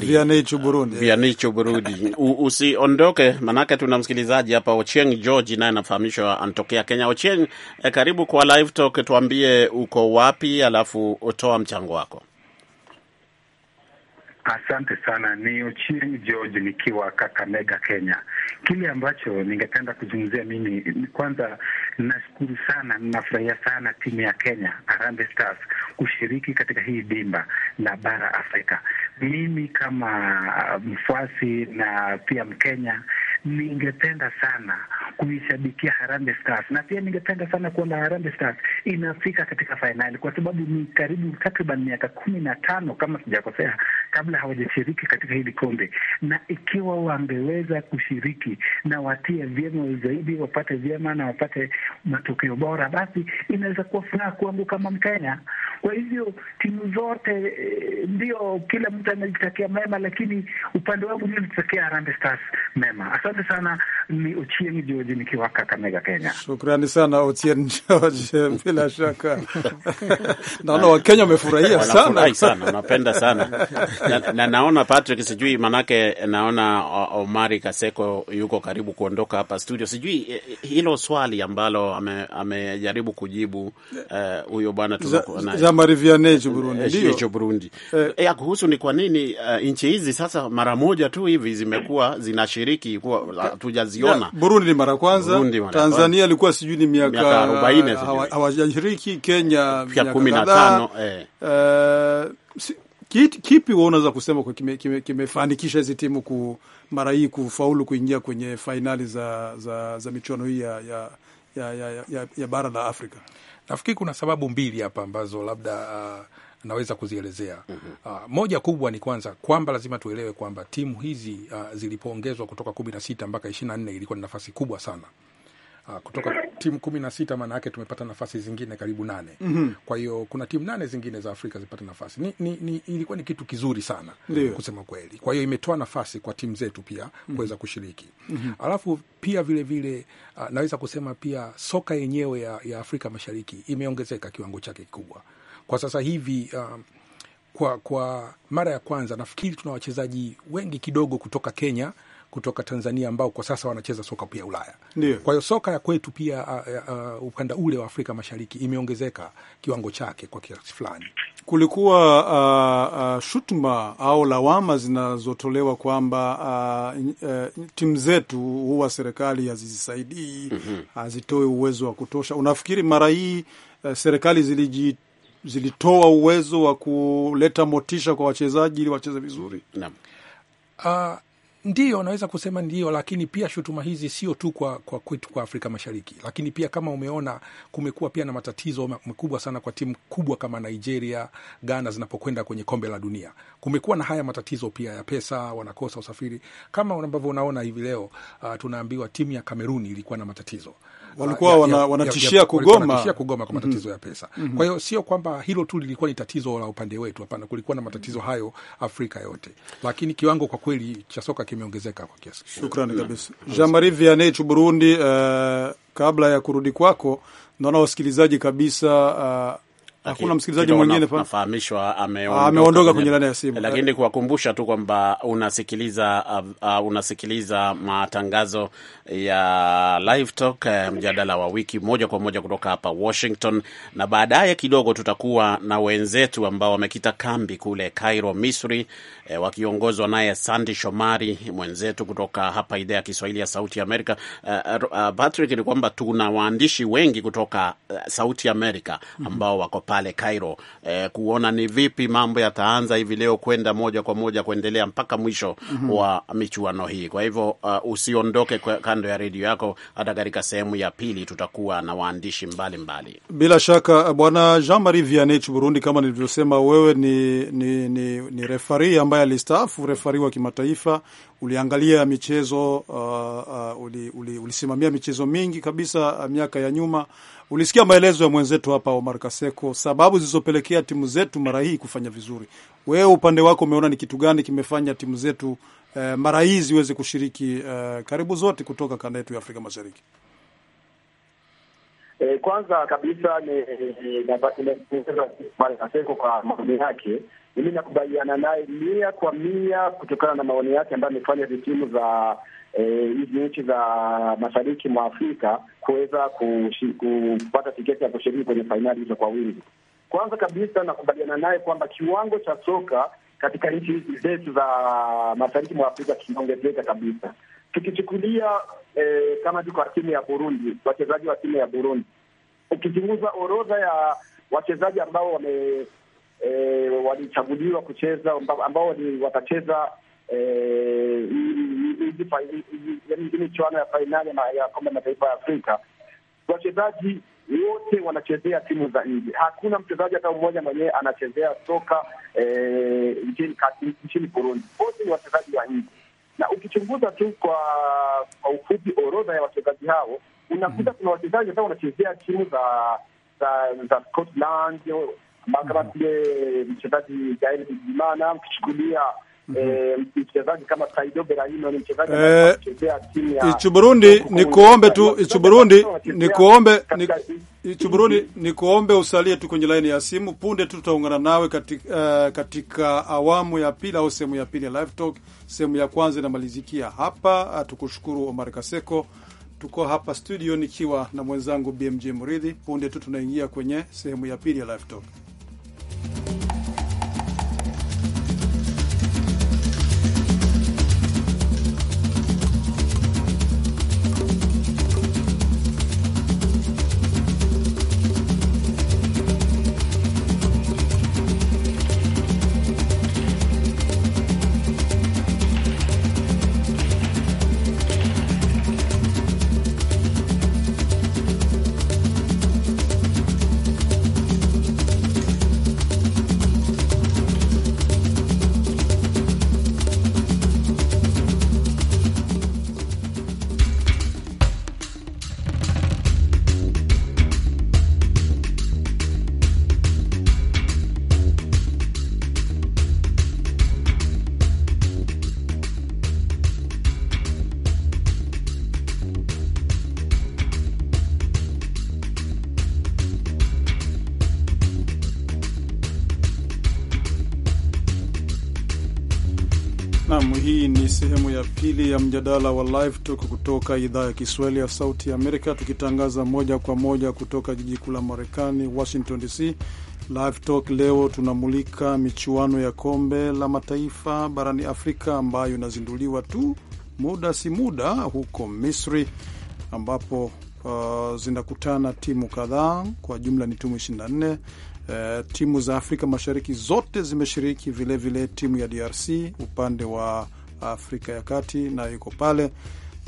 Vianichu Burundi, usiondoke, manake tuna msikilizaji hapa Ochieng George naye anafahamishwa anatokea Kenya. Ochieng, eh, karibu kwa Live Talk, tuambie uko wapi, alafu utoa mchango wako. Asante sana, ni Uchiri George nikiwa Kakamega, Kenya. Kile ambacho ningependa kuzungumzia mimi, kwanza nashukuru sana, ninafurahia sana timu ya Kenya Harambee Stars kushiriki katika hii dimba la bara Afrika. Mimi kama mfuasi na pia Mkenya ningependa sana kuishabikia Harambee Stars na pia ningependa sana kuona Harambee Stars inafika katika fainali, kwa sababu ni karibu takriban miaka kumi na tano kama sijakosea, kabla hawajashiriki katika hili kombe, na ikiwa wangeweza kushiriki na watie vyema zaidi, wapate vyema na wapate matokeo bora, basi inaweza kuwa furaha kwangu kama Mkenya. Kwa hivyo timu zote eh, ndio, kila mtu anajitakia mema, lakini upande wangu mimi natakia Harambee Stars mema. Asante. Asante sana, ni Ochieng George nikiwa Kakamega, Kenya. Shukrani sana Ochieng George, bila shaka naona Wakenya wamefurahia sana sana, napenda sana na, na naona Patrick, sijui manake, naona Omari Kaseko yuko karibu kuondoka hapa studio. Sijui eh, eh, hilo swali ambalo amejaribu ame kujibu eh, huyo uh, bwana Burundi, Burundi. Eh, kuhusu ni kwa nini uh, nchi hizi sasa mara moja tu hivi zimekuwa zinashiriki kuwa hatujaziona. Burundi ni mara kwanza, Tanzania ilikuwa sijui ni miaka hawajashiriki, Kenya miaka kumi na tano eh. Eh, kipi wewe unaweza kusema kimefanikisha kime hizi timu ku mara hii kufaulu kuingia kwenye fainali za, za, za michuano hii ya, ya, ya, ya, ya bara la Afrika? Nafikiri kuna sababu mbili hapa ambazo labda uh, naweza kuzielezea. mm -hmm. Uh, moja kubwa ni kwanza kwamba lazima tuelewe kwamba timu hizi uh, zilipoongezwa kutoka kumi na sita mpaka ishirini na nne ilikuwa ni nafasi kubwa sana uh, kutoka timu kumi na sita maana yake tumepata nafasi zingine karibu nane. mm -hmm. Kwa hiyo kuna timu nane zingine za Afrika zipata nafasi ni, ni, ni, ilikuwa ni kitu kizuri sana Ndiyo. kusema kweli. Kwa hiyo imetoa nafasi kwa timu zetu pia mm -hmm. kuweza kushiriki mm -hmm. alafu pia vilevile vile, uh, naweza kusema pia soka yenyewe ya, ya Afrika Mashariki imeongezeka kiwango chake kikubwa kwa sasa hivi uh, kwa, kwa mara ya kwanza nafikiri tuna wachezaji wengi kidogo kutoka Kenya kutoka Tanzania ambao kwa sasa wanacheza soka pia Ulaya. Ndiyo. Kwa hiyo soka ya kwetu pia uh, uh, ukanda ule wa Afrika Mashariki imeongezeka kiwango chake kwa kiasi fulani. Kulikuwa uh, uh, shutuma au lawama zinazotolewa kwamba uh, uh, timu zetu huwa serikali hazizisaidii, mhm. hazitoe mm -hmm. uwezo wa kutosha. Unafikiri mara hii uh, serikali zilijit zilitoa uwezo wa kuleta motisha kwa wachezaji ili wacheze vizuri. Naam. Uh, ndio naweza kusema ndio lakini pia shutuma hizi sio tu kwa, kwa kwetu kwa Afrika Mashariki, lakini pia kama umeona kumekuwa pia na matatizo makubwa sana kwa timu kubwa kama Nigeria, Ghana zinapokwenda kwenye kombe la dunia. Kumekuwa na haya matatizo pia ya pesa, wanakosa usafiri kama ambavyo unaona hivi leo. Uh, tunaambiwa timu ya Kameruni ilikuwa na matatizo uh, walikuwa wanatishia kugoma kugoma kwa mhm. matatizo ya pesa. mm -hmm. Kwa hiyo sio kwamba hilo tu lilikuwa ni tatizo la upande wetu, hapana, kulikuwa na matatizo hayo Afrika yote, lakini kiwango kwa kweli cha soka kimeongezeka kwa kiasi. Shukrani kabisa, Jean Marie Vianney Burundi. Uh, kabla ya kurudi kwako, naona wasikilizaji kabisa uh, Hakuna msikilizaji mwingine nafahamishwa ameondoka kwenye laini ya simu, lakini kuwakumbusha tu kwamba unasikiliza uh, uh, unasikiliza matangazo ya Live Talk uh, mjadala wa wiki moja kwa moja kutoka hapa Washington, na baadaye kidogo tutakuwa na wenzetu ambao wamekita kambi kule Cairo, Misri, uh, wakiongozwa naye Sandy Shomari mwenzetu kutoka hapa idhaa ya Kiswahili ya Sauti ya Amerika. Uh, uh, Patrick, ni kwamba tuna waandishi wengi kutoka uh, Sauti ya Amerika ambao wako pale Cairo eh, kuona ni vipi mambo yataanza hivi leo kwenda moja kwa moja kuendelea mpaka mwisho mm -hmm. wa michuano hii. Kwa hivyo uh, usiondoke kando ya redio yako, hata katika sehemu ya pili tutakuwa na waandishi mbalimbali mbali. Bila shaka bwana Jean Marie Vianney Burundi, kama nilivyosema wewe ni, ni, ni, ni refari ambaye alistaafu refari wa kimataifa uliangalia michezo uh, uh, uli, uli, ulisimamia michezo mingi kabisa miaka ya nyuma. Ulisikia maelezo ya mwenzetu hapa Omar Kaseko, sababu zilizopelekea timu zetu mara hii kufanya vizuri. Wewe upande wako umeona ni kitu gani kimefanya timu zetu uh, mara hii ziweze kushiriki uh, karibu zote kutoka kanda yetu ya Afrika Mashariki? E, kwanza kabisa ni ni, Kaseko kwa maoni yake mimi nakubaliana naye mia kwa mia kutokana na maoni yake ambayo amefanya vitimu za eh, hizi e, nchi za mashariki mwa Afrika kuweza kupata tiketi ya kushiriki kwenye fainali hizo kwa wingi. Kwanza kabisa nakubaliana naye kwamba kiwango cha soka katika nchi hizi zetu za mashariki mwa Afrika kinaongezeka kabisa. Tukichukulia e, kama tuko timu ya Burundi, wachezaji wa timu ya Burundi, ukichunguza orodha ya wachezaji ambao wame e, walichaguliwa kucheza ambao ni watacheza hii e, michuano ya fainali ya kombe mataifa ya Afrika. Wachezaji wote wanachezea timu za nje, hakuna mchezaji hata mmoja mwenyewe anachezea soka e, nchini Burundi. Wote ni wachezaji wa nje, na ukichunguza tu kwa ufupi orodha ya wachezaji hao unakuta mm-hmm. kuna wachezaji ambao wanachezea timu za za Scotland, mpaka mm -hmm. mchezaji Gael Bizimana ukichukulia mm -hmm. Eh, mchezaji kama Saido Berahino ni mchezaji eh, ichu Burundi nikuombe tu ichu Burundi ni ichu Burundi nikuombe usalie tu kwenye laini ya simu. Punde tu tutaungana nawe katika, uh, eh, katika awamu ya pili au sehemu ya pili ya live talk. Sehemu ya kwanza inamalizikia hapa. Ah, tukushukuru Omar Kaseko. Tuko hapa studio nikiwa na mwenzangu BMJ Muridhi. Punde tu tunaingia kwenye sehemu ya pili ya live talk. pili ya mjadala wa Live Talk kutoka idhaa ya Kiswahili ya Sauti ya Amerika, tukitangaza moja kwa moja kutoka jiji kuu la Marekani, Washington DC. Live Talk leo tunamulika michuano ya kombe la mataifa barani Afrika ambayo inazinduliwa tu muda si muda huko Misri, ambapo uh, zinakutana timu kadhaa, kwa jumla ni timu 24. Uh, eh, timu za Afrika Mashariki zote zimeshiriki vilevile, vile timu ya DRC upande wa Afrika ya Kati, na yuko pale.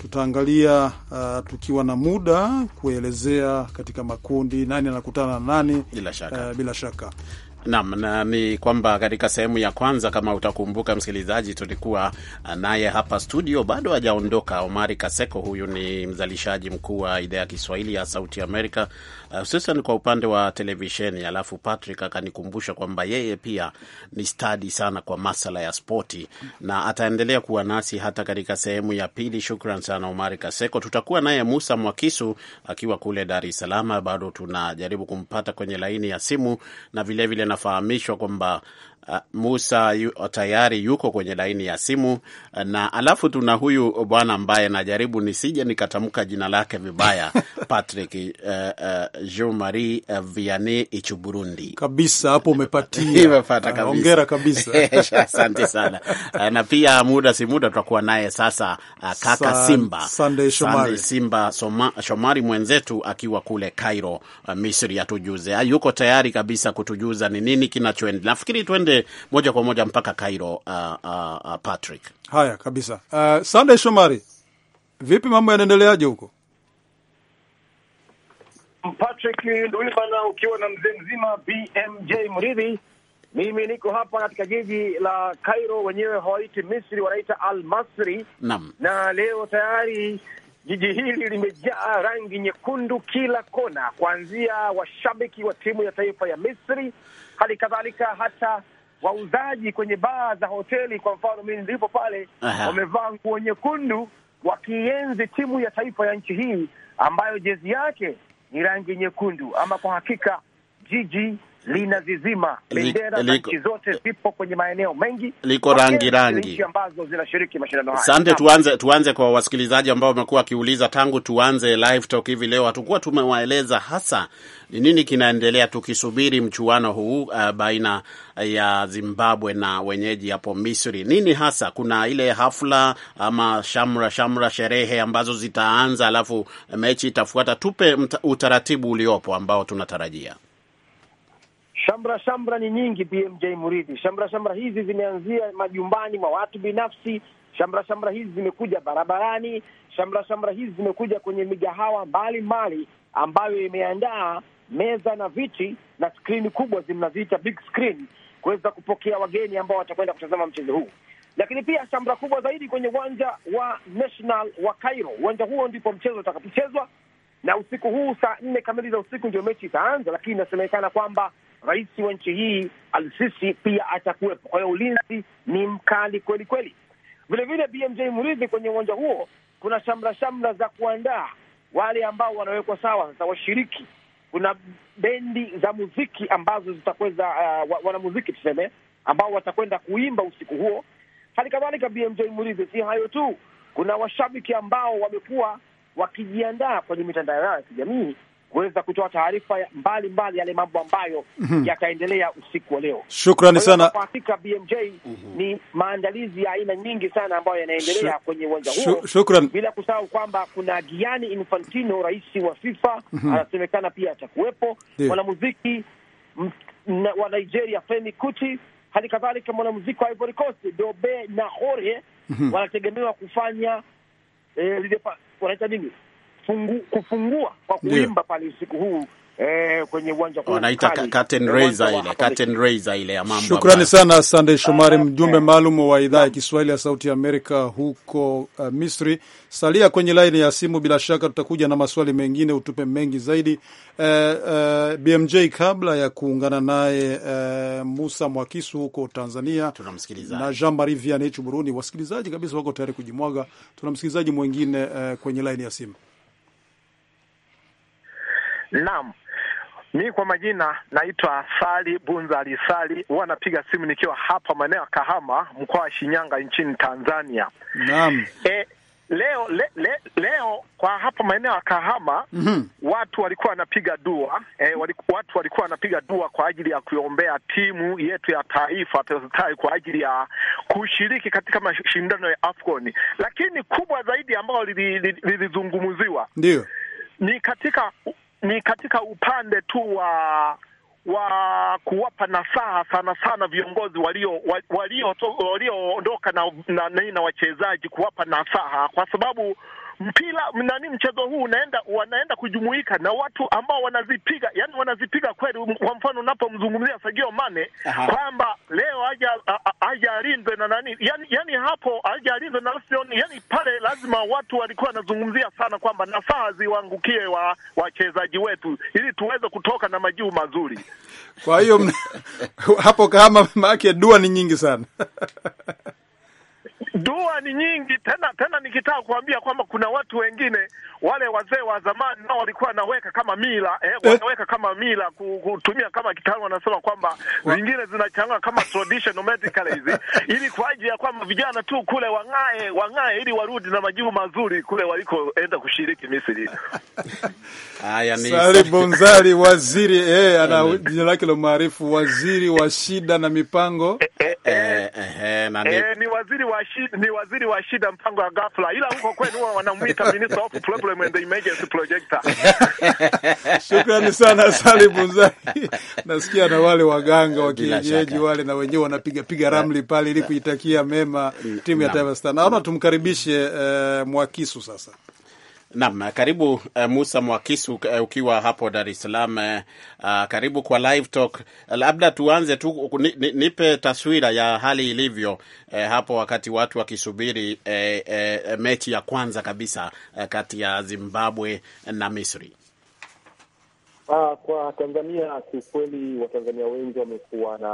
Tutaangalia uh, tukiwa na muda kuelezea katika makundi nani anakutana na nani, bila shaka, uh, bila shaka. Naam, na ni kwamba katika sehemu ya kwanza, kama utakumbuka msikilizaji, tulikuwa ah, naye hapa studio, bado hajaondoka, Omari Kaseko. Huyu ni mzalishaji mkuu wa idhaa ya Kiswahili ya Sauti Amerika, ah, hususan uh, kwa upande wa televisheni. Alafu Patrick akanikumbusha kwamba yeye pia ni stadi sana kwa masala ya spoti na ataendelea kuwa nasi hata katika sehemu ya pili. Shukran sana Omari Kaseko. Tutakuwa naye Musa Mwakisu akiwa kule Dar es Salaam, bado tunajaribu kumpata kwenye laini ya simu na vilevile vile yanafahamishwa kwamba Ah, Musa yu, tayari yuko kwenye laini ya simu ah, na alafu tuna huyu bwana ambaye najaribu nisije nikatamka jina lake vibaya Patrick uh, eh, uh, eh, Jean Marie uh, eh, Vianney Ichuburundi kabisa. Hapo umepatia hongera kabisa, asante sana ah, na pia muda si muda tutakuwa naye sasa uh, kaka Simba Sunday Shomari, Sunday Simba Soma, Shomari mwenzetu akiwa kule Cairo uh, Misri, atujuze uh, yuko tayari kabisa kutujuza ni nini kinachoendelea. Nafikiri twende tuende moja kwa moja mpaka Cairo. Uh, uh, uh, Patrick, haya kabisa. Uh, Sunday Shomari, vipi mambo yanaendeleaje huko? Patrick Ndwimana ukiwa na mzee mzima BMJ Mridhi. Mimi niko hapa katika jiji la Cairo, wenyewe hawaiti Misri, wanaita Al Masri. Naam. Na leo tayari jiji hili limejaa rangi nyekundu kila kona, kuanzia washabiki wa timu ya taifa ya Misri, hali kadhalika hata wauzaji kwenye baa za hoteli, kwa mfano mimi nilipo pale, wamevaa nguo nyekundu wakienzi timu ya taifa ya nchi hii ambayo jezi yake ni rangi nyekundu. Ama kwa hakika jiji lina bendera za nchi zote zipo kwenye maeneo mengi, liko rangi rangi nchi ambazo zinashiriki mashindano haya. Asante, tuanze tuanze kwa wasikilizaji ambao wamekuwa wakiuliza tangu tuanze live talk hivi leo, hatukuwa tumewaeleza hasa ni nini kinaendelea tukisubiri mchuano huu uh, baina ya Zimbabwe na wenyeji hapo Misri. Nini hasa, kuna ile hafla ama shamra shamra, sherehe ambazo zitaanza, alafu mechi itafuata. Tupe utaratibu uliopo ambao tunatarajia. Shamra shamra ni nyingi, BMJ Muridhi. Shamra shamra hizi zimeanzia majumbani mwa watu binafsi. Shamra shamra hizi zimekuja barabarani. Shamra shamra hizi zimekuja kwenye migahawa mbalimbali ambayo imeandaa meza na viti na skrini kubwa, zinaziita big screen, kuweza kupokea wageni ambao watakwenda kutazama mchezo huu. Lakini pia shamra kubwa zaidi kwenye uwanja wa National wa Cairo. Uwanja huo ndipo mchezo utakapochezwa, na usiku huu saa nne kamili za usiku ndio mechi itaanza, lakini inasemekana kwamba rais wa nchi hii alsisi pia atakuwepo. Kwa hiyo ulinzi ni mkali kweli kweli. Vilevile BMJ mridhi kwenye uwanja huo kuna shamra shamra za kuandaa wale ambao wanawekwa sawa sasa washiriki. Kuna bendi za muziki ambazo zitakweza uh, wanamuziki tuseme, ambao watakwenda kuimba usiku huo. Hali kadhalika BMJ mridhi si hayo tu, kuna washabiki ambao wamekuwa wakijiandaa kwenye mitandao yao ya kijamii kuweza kutoa taarifa mbalimbali yale mambo ambayo mm -hmm. yataendelea usiku wa leo. Shukrani sana kwa hakika BMJ. mm -hmm. ni maandalizi ya aina nyingi sana ambayo yanaendelea Sh kwenye uwanja huo, shukrani, bila kusahau kwamba kuna Gianni Infantino, rais wa FIFA mm -hmm. anasemekana pia atakuwepo, mwanamuziki wa Nigeria Femi Kuti, hali kadhalika mwanamuziki wa Ivory Coast Dobe Nahore mm -hmm. wanategemewa kufanya eh, wanaita nini kufungu, kufungua kwa kuimba pale usiku huu eh, kwenye uwanja wanaita curtain raiser ile, curtain raiser ile ya mambo. Shukrani sana Sande Shomari, ah, mjumbe eh. maalum wa idhaa ya Kiswahili ya Sauti ya Amerika huko uh, Misri. Salia kwenye laini ya simu, bila shaka tutakuja na maswali mengine, utupe mengi zaidi. Uh, eh, uh, eh, BMJ, kabla ya kuungana naye uh, Musa Mwakisu huko Tanzania na Jean Marie Vianney Burundi, wasikilizaji kabisa wako tayari kujimwaga. Tuna msikilizaji mwingine uh, kwenye laini ya simu. Naam, mi kwa majina naitwa Sali Bunza Alisali, huwa napiga simu nikiwa hapa maeneo ya Kahama, mkoa wa Shinyanga, nchini Tanzania. Naam. E, leo le, le, leo kwa hapa maeneo ya Kahama mm -hmm. watu walikuwa wanapiga dua e, waliku, watu walikuwa wanapiga dua kwa ajili ya kuiombea timu yetu ya taifa Petostai kwa ajili ya kushiriki katika mashindano ya Afcon, lakini kubwa zaidi ambayo lilizungumziwa li, li, li, ndio ni katika ni katika upande tu wa wa kuwapa nasaha sana sana viongozi walioondoka walio, na, na, na wachezaji kuwapa nasaha kwa sababu mpira nani, mchezo huu unaenda, wanaenda kujumuika na watu ambao wanazipiga, yani wanazipiga kweli. Kwa mfano unapomzungumzia sagio Mane kwamba leo aja aja alindwe na nani, yani, yani hapo aja alindwe na Arsenal, yani pale lazima watu walikuwa wanazungumzia sana kwamba nafaa ziwaangukie wa wachezaji wetu ili tuweze kutoka na majibu mazuri. Kwa hiyo hapo kama maake dua ni nyingi sana Dua ni nyingi tena tena, nikitaka kuambia kwamba kuna watu wengine wale wazee wa zamani nao walikuwa wanaweka kama mila eh, eh. wanaweka kama mila kutumia kama kitaalamu, wanasema kwamba zingine zinachanga kama traditional medical hizi, ili kwa ajili ya kwamba vijana tu kule wang'ae wang'ae, ili warudi na majibu mazuri kule walikoenda kushiriki Misri. Haya, Sari Bonzari waziri eh, ana jina lake la maarifu, waziri wa shida na mipango eh, eh, eh, eh, eh, eh, eh, eh ni waziri wa shida, ni waziri wa shida, mpango wa ghafla, ila huko kwenu huwa wanamwita minister of problem and emergency projector. Shukrani sana Salim Muzaki, nasikia na wale waganga wa kienyeji wale na wenyewe wanapiga piga ramli pale ili kuitakia mema mm, timu ya Taifa Stars. Naona tumkaribishe uh, Mwakisu sasa. Naam, karibu eh, Musa Mwakisu eh, ukiwa hapo Dar es Salaam. Uh, karibu kwa Live Talk. Labda tuanze tu, nipe taswira ya hali ilivyo uh, hapo wakati watu wakisubiri uh, uh, mechi ya kwanza kabisa uh, kati ya Zimbabwe na Misri. Uh, kwa Tanzania kiukweli, Watanzania wengi wamekuwa na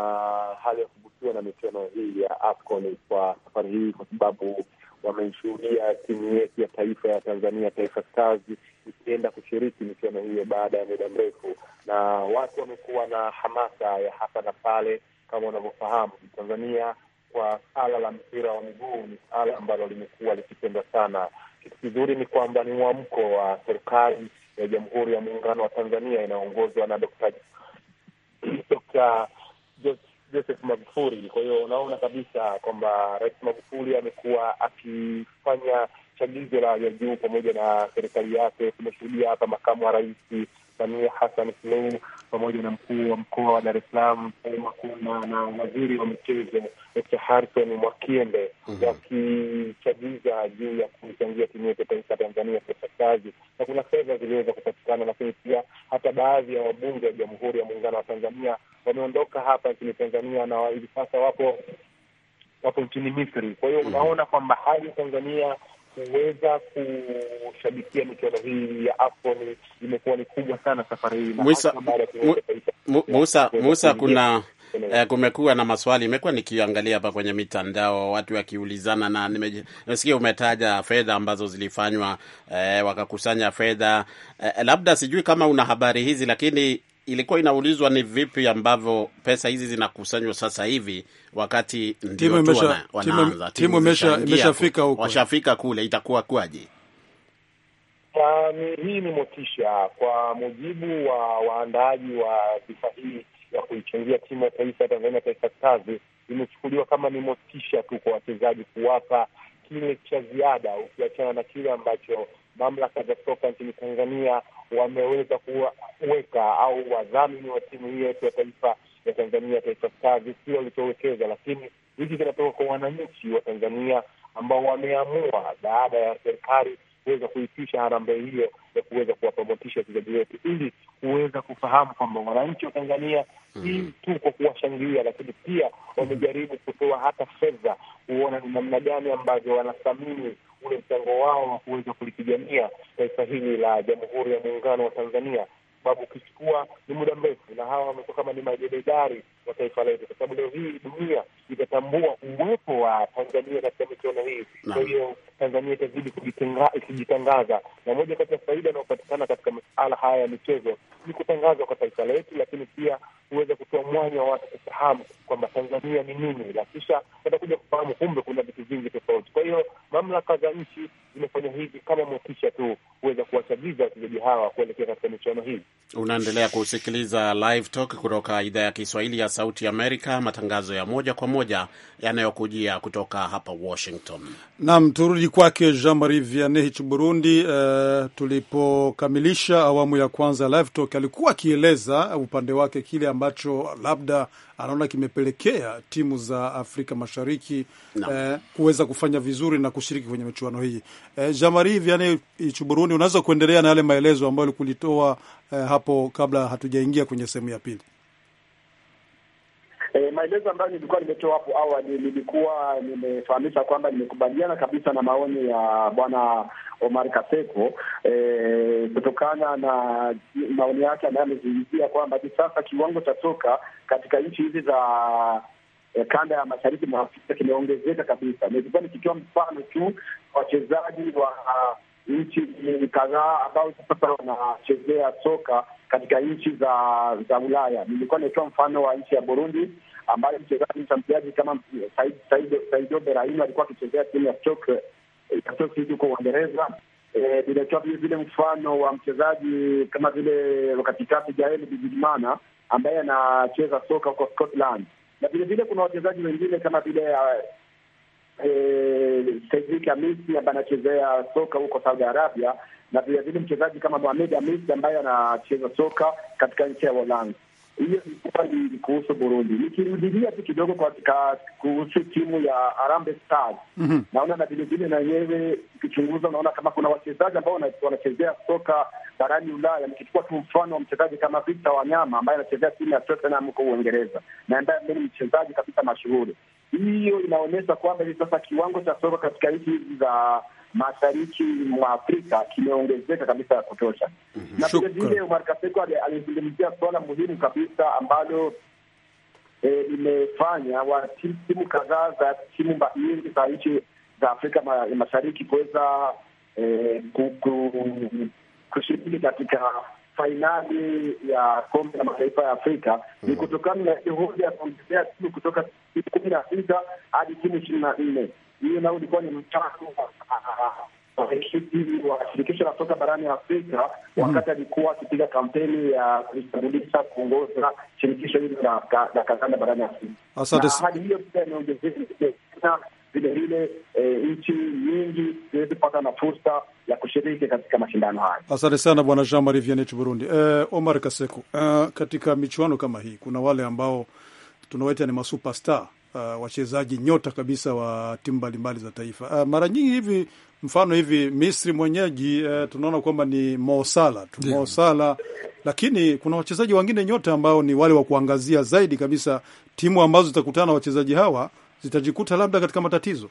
hali ya kubukiwa na michuano hii ya AFCON kwa safari hii kwa sababu wameishuhudia timu yetu ya taifa ya Tanzania, Taifa Stars, ikienda kushiriki michuano hiyo baada ya muda mrefu, na watu wamekuwa na hamasa ya hapa na pale. Kama unavyofahamu, Tanzania kwa sala la mpira wa miguu ni sala ambalo limekuwa likipendwa sana. Kitu kizuri ni kwamba ni mwamko wa serikali ya Jamhuri ya Muungano wa Tanzania inayoongozwa na Dokta Joseph Magufuli. Kwa hiyo unaona kabisa kwamba Rais Magufuli amekuwa akifanya chagizo la juu pamoja na serikali yake. Tumeshuhudia hapa makamu wa rais Samia Hassan Suluhu pamoja na mkuu wa mkoa wa Dar es Salaam Makuna na waziri wa michezo Dr. Harrison Mwakiembe mhm. wakichagiza juu ya kuichangia timu yetu taifa Tanzania pesa kazi, na kuna fedha ziliweza kupatikana, lakini pia hata baadhi ya wabunge wa Jamhuri ya Muungano wa Tanzania wameondoka hapa nchini Tanzania na hivi sasa wapo wapo nchini Misri. Kwa hiyo mhm. unaona kwamba hali ya Tanzania kuweza kushabikia michuano hii ya AFCON imekuwa ni kubwa sana safari hii. Musa, Musa, Musa, kuna Eh, kumekuwa na maswali, imekuwa nikiangalia hapa kwenye mitandao watu wakiulizana, na nimesikia umetaja fedha ambazo zilifanywa, eh, wakakusanya fedha eh, labda sijui kama una habari hizi, lakini ilikuwa inaulizwa ni vipi ambavyo pesa hizi zinakusanywa sasa hivi, wakati ndio tu wanaanza timu imeshafika huko, washafika kule, itakuwa kwaje? Ni, um, hii ni motisha kwa mujibu wa waandaaji wa sifa hii ya kuichangia timu ya taifa ya Tanzania Taifa Stars, imechukuliwa kama ni motisha tu kwa wachezaji kuwapa kile cha ziada, ukiachana na kile ambacho mamlaka za soka nchini Tanzania wameweza kuweka au wadhamini wa timu hii yetu ya taifa ya Tanzania, Taifa Stars, kile walichowekeza. Lakini hiki kinatoka kwa wananchi wa Tanzania ambao wameamua baada ya serikali kuweza kuitisha harambee hiyo ya kuweza kuwapromotisha wachezaji wetu, ili kuweza kufahamu kwamba wananchi wa Tanzania si mm. tu kwa kuwashangilia, lakini pia wamejaribu kutoa hata fedha kuona ni namna gani ambavyo wanathamini ule mchango wao wa kuweza kulipigania taifa hili la Jamhuri ya Muungano wa Tanzania sababu ukichukua ni muda mrefu, na hawa wamekuwa kama ni majededari wa taifa letu, kwa sababu leo hii dunia itatambua uwepo wa Tanzania katika michuano hii. Kwa hiyo Tanzania itazidi kujitangaza, na moja kati ya faida inayopatikana katika masuala haya ya michezo ni kutangazwa kwa taifa letu, lakini pia huweza kutoa mwanya wa watu kufahamu kwamba Tanzania ni nini, na kisha watakuja kufahamu kumbe kuna vitu vingi tofauti. Kwa hiyo mamlaka za nchi zimefanya hivi kama motisha tu, huweza kuwachagiza wachezaji hawa kuelekea katika michuano hii. Unaendelea kusikiliza Live Talk kutoka idhaa ya Kiswahili ya Sauti Amerika, matangazo ya moja kwa moja yanayokujia kutoka hapa Washington. Naam, turudi kwake Jean Marie Vianehich Burundi. Uh, tulipokamilisha awamu ya kwanza ya Live Talk alikuwa akieleza upande wake kile ambacho labda anaona kimepelekea timu za Afrika Mashariki no. eh, kuweza kufanya vizuri na kushiriki kwenye michuano hii eh, Jamari Vianney Ichuburuni, unaweza kuendelea na yale maelezo ambayo likulitoa eh, hapo kabla hatujaingia kwenye sehemu ya pili. E, maelezo ambayo nilikuwa nimetoa hapo awali, nilikuwa nimefahamisha kwamba nimekubaliana kabisa na maoni ya bwana Omar Kaseko e, kutokana na maoni yake anayozungumzia kwamba hivi sasa kiwango cha soka katika nchi hizi za e, kanda ya mashariki mwa Afrika kimeongezeka kabisa. Nilikuwa nikitoa mfano tu wachezaji wa nchi kadhaa ambao sasa wanachezea soka katika nchi za za Ulaya. Nilikuwa nitoa mfano wa nchi ya Burundi ambayo mchezaji mshambuliaji kama eh, Saido Berahino alikuwa akichezea timu ya Stoke eh, huko Uingereza. Eh, nilitoa vile vile mfano wa mchezaji kama vile katikati Jael Bigirimana ambaye anacheza soka huko Scotland, na vile vile kuna wachezaji wengine kama vile Cedric Amisi ambaye anachezea soka huko Saudi Arabia na vilevile mchezaji kama Mohamed Amis ambaye anacheza soka katika nchi ya Uholanzi. Hiyo ilikuwa ni kuhusu Burundi. Nikirudilia tu kidogo katika kuhusu timu ya Harambee Stars mm -hmm. Naona na vilevile na yeye ukichunguza, unaona kama kuna wachezaji ambao wanachezea soka barani Ulaya. Nikichukua tu mfano wa mchezaji kama Victor Wanyama ambaye anachezea timu ya Tottenham huko Uingereza na ambaye ni mchezaji kabisa mashuhuri. Hiyo inaonyesha kwamba hivi sasa kiwango cha soka katika nchi hizi za mashariki mwa Afrika kimeongezeka kabisa ya kutosha. mm -hmm. Na vile vile Kaseko alizungumzia suala muhimu kabisa ambalo eh, limefanya e, timu kadhaa za timu nyingi za nchi za Afrika ma, mashariki kuweza e, kushiriki katika fainali ya kombe la mataifa ya Afrika mm -hmm. Ni mhm. kutokana na juhudi ya kuongezea timu kutoka timu kumi na sita hadi timu ishirini na nne hiyo nao ulikuwa ni mtako ah, ah, ah, wa shirikisho la soka barani Afrika mm. wakati alikuwa akipiga kampeni ya kujitambulisha kuongoza shirikisho hilo la kandanda barani Afrika. hiyo pia imeongezeka vilevile eh, nchi nyingi ziwezi kupata na fursa ya kushiriki katika mashindano haya. Asante sana Bwana Jean Marie Vianney Burundi. Eh, Omar Kaseku, eh, katika michuano kama hii kuna wale ambao tunawaita ni masuperstar uh, wachezaji nyota kabisa wa timu mbalimbali za taifa. Uh, mara nyingi hivi mfano hivi Misri mwenyeji uh, tunaona kwamba ni Mo Salah tu, Mo Salah, lakini kuna wachezaji wengine nyota ambao ni wale wa kuangazia zaidi kabisa. Timu ambazo zitakutana na wachezaji hawa zitajikuta labda katika matatizo.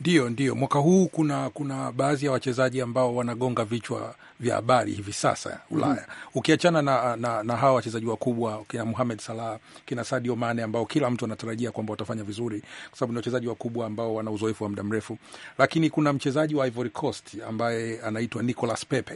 Ndiyo, ndiyo, mwaka huu kuna kuna baadhi ya wachezaji ambao wanagonga vichwa vya habari hivi sasa Ulaya, mm-hmm. ukiachana na, na, na hawa wachezaji wakubwa kina Mohamed Salah, kina Sadio Mane ambao kila mtu anatarajia kwamba watafanya vizuri kwa sababu ni wachezaji wakubwa ambao wana uzoefu wa muda mrefu, lakini kuna mchezaji wa Ivory Coast ambaye anaitwa Nicolas Pepe.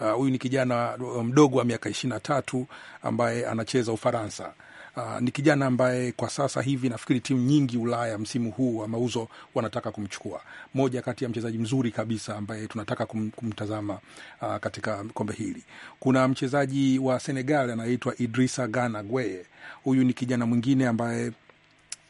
Uh, huyu uh, ni kijana um, mdogo wa miaka ishirini na tatu ambaye anacheza Ufaransa Uh, ni kijana ambaye kwa sasa hivi nafikiri timu nyingi Ulaya msimu huu wa mauzo wanataka kumchukua. Moja kati ya mchezaji mzuri kabisa ambaye tunataka kum, kumtazama uh, katika kombe hili. Kuna mchezaji wa Senegal anaitwa Idrissa Gana Gueye. Huyu ni kijana mwingine ambaye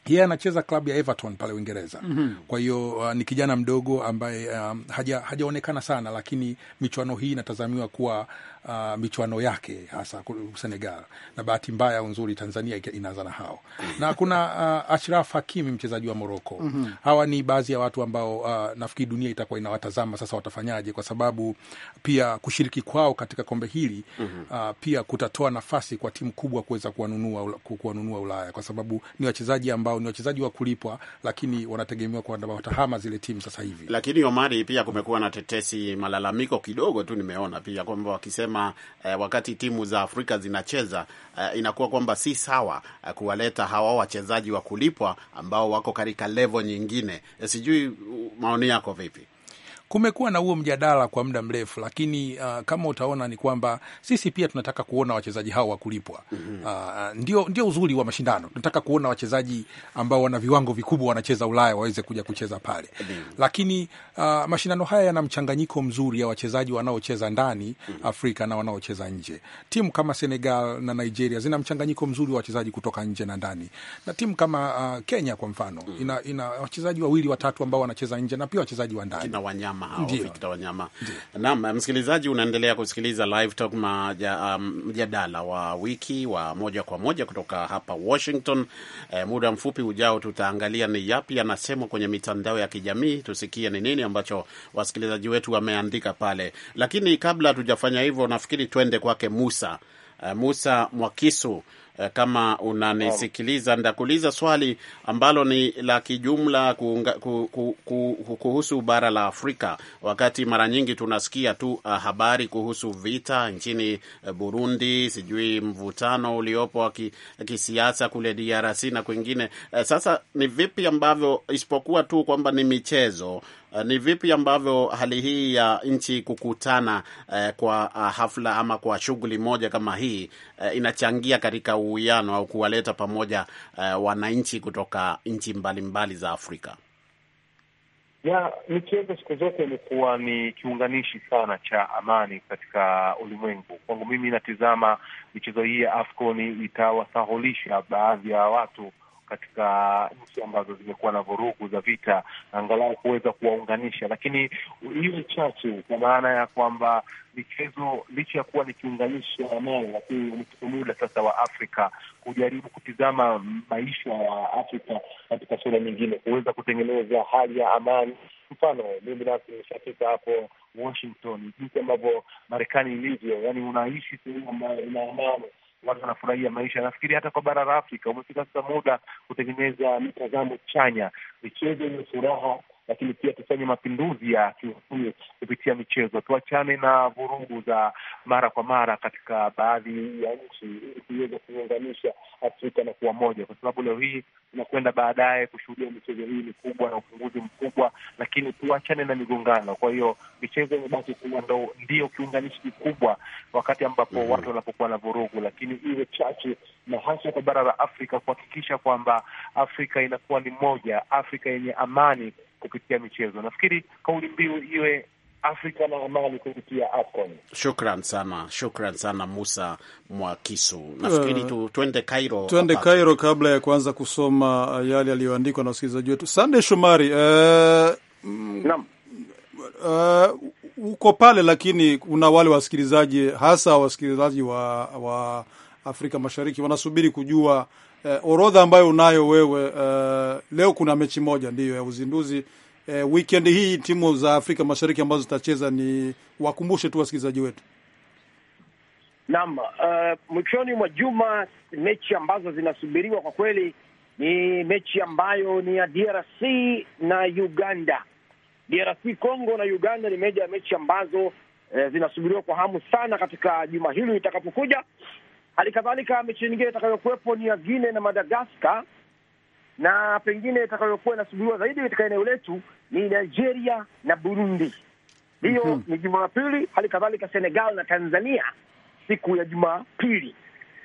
yeye anacheza klabu ya Everton pale Uingereza. mm -hmm. Kwa hiyo uh, ni kijana mdogo ambaye um, hajaonekana haja sana, lakini michuano hii inatazamiwa kuwa uh, michuano yake hasa Senegal, na bahati mbaya nzuri Tanzania inaanza na hao na kuna uh, Ashraf Hakimi mchezaji wa Moroko. mm -hmm. Hawa ni baadhi ya watu ambao uh, nafikiri dunia itakuwa inawatazama sasa, watafanyaje, kwa sababu pia kushiriki kwao katika kombe hili mm -hmm. uh, pia kutatoa nafasi kwa timu kubwa kuweza kuwanunua kuwanunua Ulaya, kwa sababu ni wachezaji ambao ni wachezaji wa kulipwa, lakini wanategemewa kwa ndaba watahama zile timu sasa hivi. Lakini Omari, pia kumekuwa na tetesi, malalamiko kidogo tu nimeona pia kwamba wakisema wanasema eh, wakati timu za Afrika zinacheza eh, inakuwa kwamba si sawa eh, kuwaleta hawa wachezaji wa kulipwa ambao wako katika levo nyingine. Eh, sijui maoni yako vipi? kumekuwa na huo mjadala kwa muda mrefu, lakini uh, kama utaona ni kwamba sisi pia tunataka kuona wachezaji hao wakulipwa. mm -hmm. Uh, ndio, ndio uzuri wa mashindano. Tunataka kuona wachezaji ambao wana viwango vikubwa wanacheza Ulaya waweze kuja kucheza pale. mm -hmm. Lakini uh, mashindano haya yana mchanganyiko mzuri ya wachezaji wanaocheza ndani mm -hmm. Afrika na wanaocheza nje. Timu kama Senegal na Nigeria zina mchanganyiko mzuri wa wachezaji kutoka nje na ndani, na timu kama uh, Kenya kwa mfano mm -hmm. ina, ina wachezaji wawili watatu ambao wanacheza nje na pia wachezaji wa ndani wanyama au vikta wanyama. Naam, msikilizaji, unaendelea kusikiliza Live Talk, um, mjadala um, wa wiki wa moja kwa moja kutoka hapa Washington. E, muda mfupi ujao tutaangalia ni yapi yanasemwa kwenye mitandao ya kijamii, tusikie ni nini ambacho wasikilizaji wetu wameandika pale, lakini kabla hatujafanya hivyo, nafikiri twende kwake Musa, uh, Musa Mwakisu Eh, kama unanisikiliza, nitakuuliza swali ambalo ni la kijumla kuhusu bara la Afrika. Wakati mara nyingi tunasikia tu eh, habari kuhusu vita nchini eh, Burundi, sijui mvutano uliopo wa kisiasa kule DRC na kwingine. Sasa ni vipi ambavyo isipokuwa tu kwamba ni michezo Eh, ni vipi ambavyo hali hii ya nchi kukutana eh, kwa eh, hafla ama kwa shughuli moja kama hii eh, inachangia katika uwiano au kuwaleta pamoja eh, wananchi kutoka nchi mbalimbali za Afrika? Ya, michezo siku zote imekuwa ni kiunganishi sana cha amani katika ulimwengu. Kwangu mimi, natizama michezo hii ya AFCON itawasahulisha baadhi ya watu katika nchi ambazo zimekuwa na vurugu za vita, angalau kuweza kuwaunganisha, lakini hiyo chache kwa maana ya kwamba michezo licha ya kuwa ni kiunganisho amani, lakini ni muda sasa wa Afrika kujaribu kutizama maisha ya Afrika katika sura nyingine, kuweza kutengeneza hali ya amani. Mfano, mi binafsi nimeshafika hapo Washington, jinsi ambavyo Marekani ilivyo, yani unaishi sehemu ambayo ina amani watu wanafurahia maisha. Nafikiri hata kwa bara la Afrika umefika sasa muda kutengeneza mitazamo chanya, michezo yenye furaha lakini pia tufanye mapinduzi ya kiuchumi kupitia michezo. Tuachane na vurugu za mara kwa mara katika baadhi ya nchi, ili tuweze kuunganisha Afrika na kuwa moja, kwa sababu leo hii tunakwenda baadaye kushuhudia michezo hii mikubwa na upunguzi mkubwa, lakini tuachane na migongano. Kwa hiyo michezo imebaki kuwa ndo ndiyo kiunganishi kikubwa, wakati ambapo mhm. watu wanapokuwa na vurugu, lakini iwe chache na hasa kwa bara la Afrika kuhakikisha kwamba Afrika inakuwa ni moja, Afrika yenye amani kupitia michezo. Nafikiri kauli mbiu iwe Afrika na amani kupitia AFCON. Shukran sana, shukran sana Musa Mwakisu. Nafikiri eh, tu, tuende Cairo, tuende Cairo kabla ya kuanza kusoma uh, yale yaliyoandikwa na wasikilizaji wetu. Sande Shomari, uh, mm, naam uh, uko pale lakini kuna wale wasikilizaji hasa wasikilizaji wa, wa Afrika Mashariki wanasubiri kujua eh, orodha ambayo unayo wewe eh, leo kuna mechi moja ndiyo ya uzinduzi eh, weekend hii timu za Afrika Mashariki ambazo zitacheza ni wakumbushe tu wasikilizaji wetu. Naam, uh, mwishoni mwa juma mechi ambazo zinasubiriwa kwa kweli ni mechi ambayo ni ya DRC na Uganda. DRC Congo na Uganda ni moja ya mechi ambazo eh, zinasubiriwa kwa hamu sana katika juma hili litakapokuja, Hali kadhalika mechi nyingine itakayokuwepo ni ya Guine na Madagaskar, na pengine itakayokuwa inasubiriwa zaidi katika eneo letu ni Nigeria na Burundi. Hiyo mm -hmm. ni Jumapili. Hali kadhalika Senegal na Tanzania siku ya Jumapili,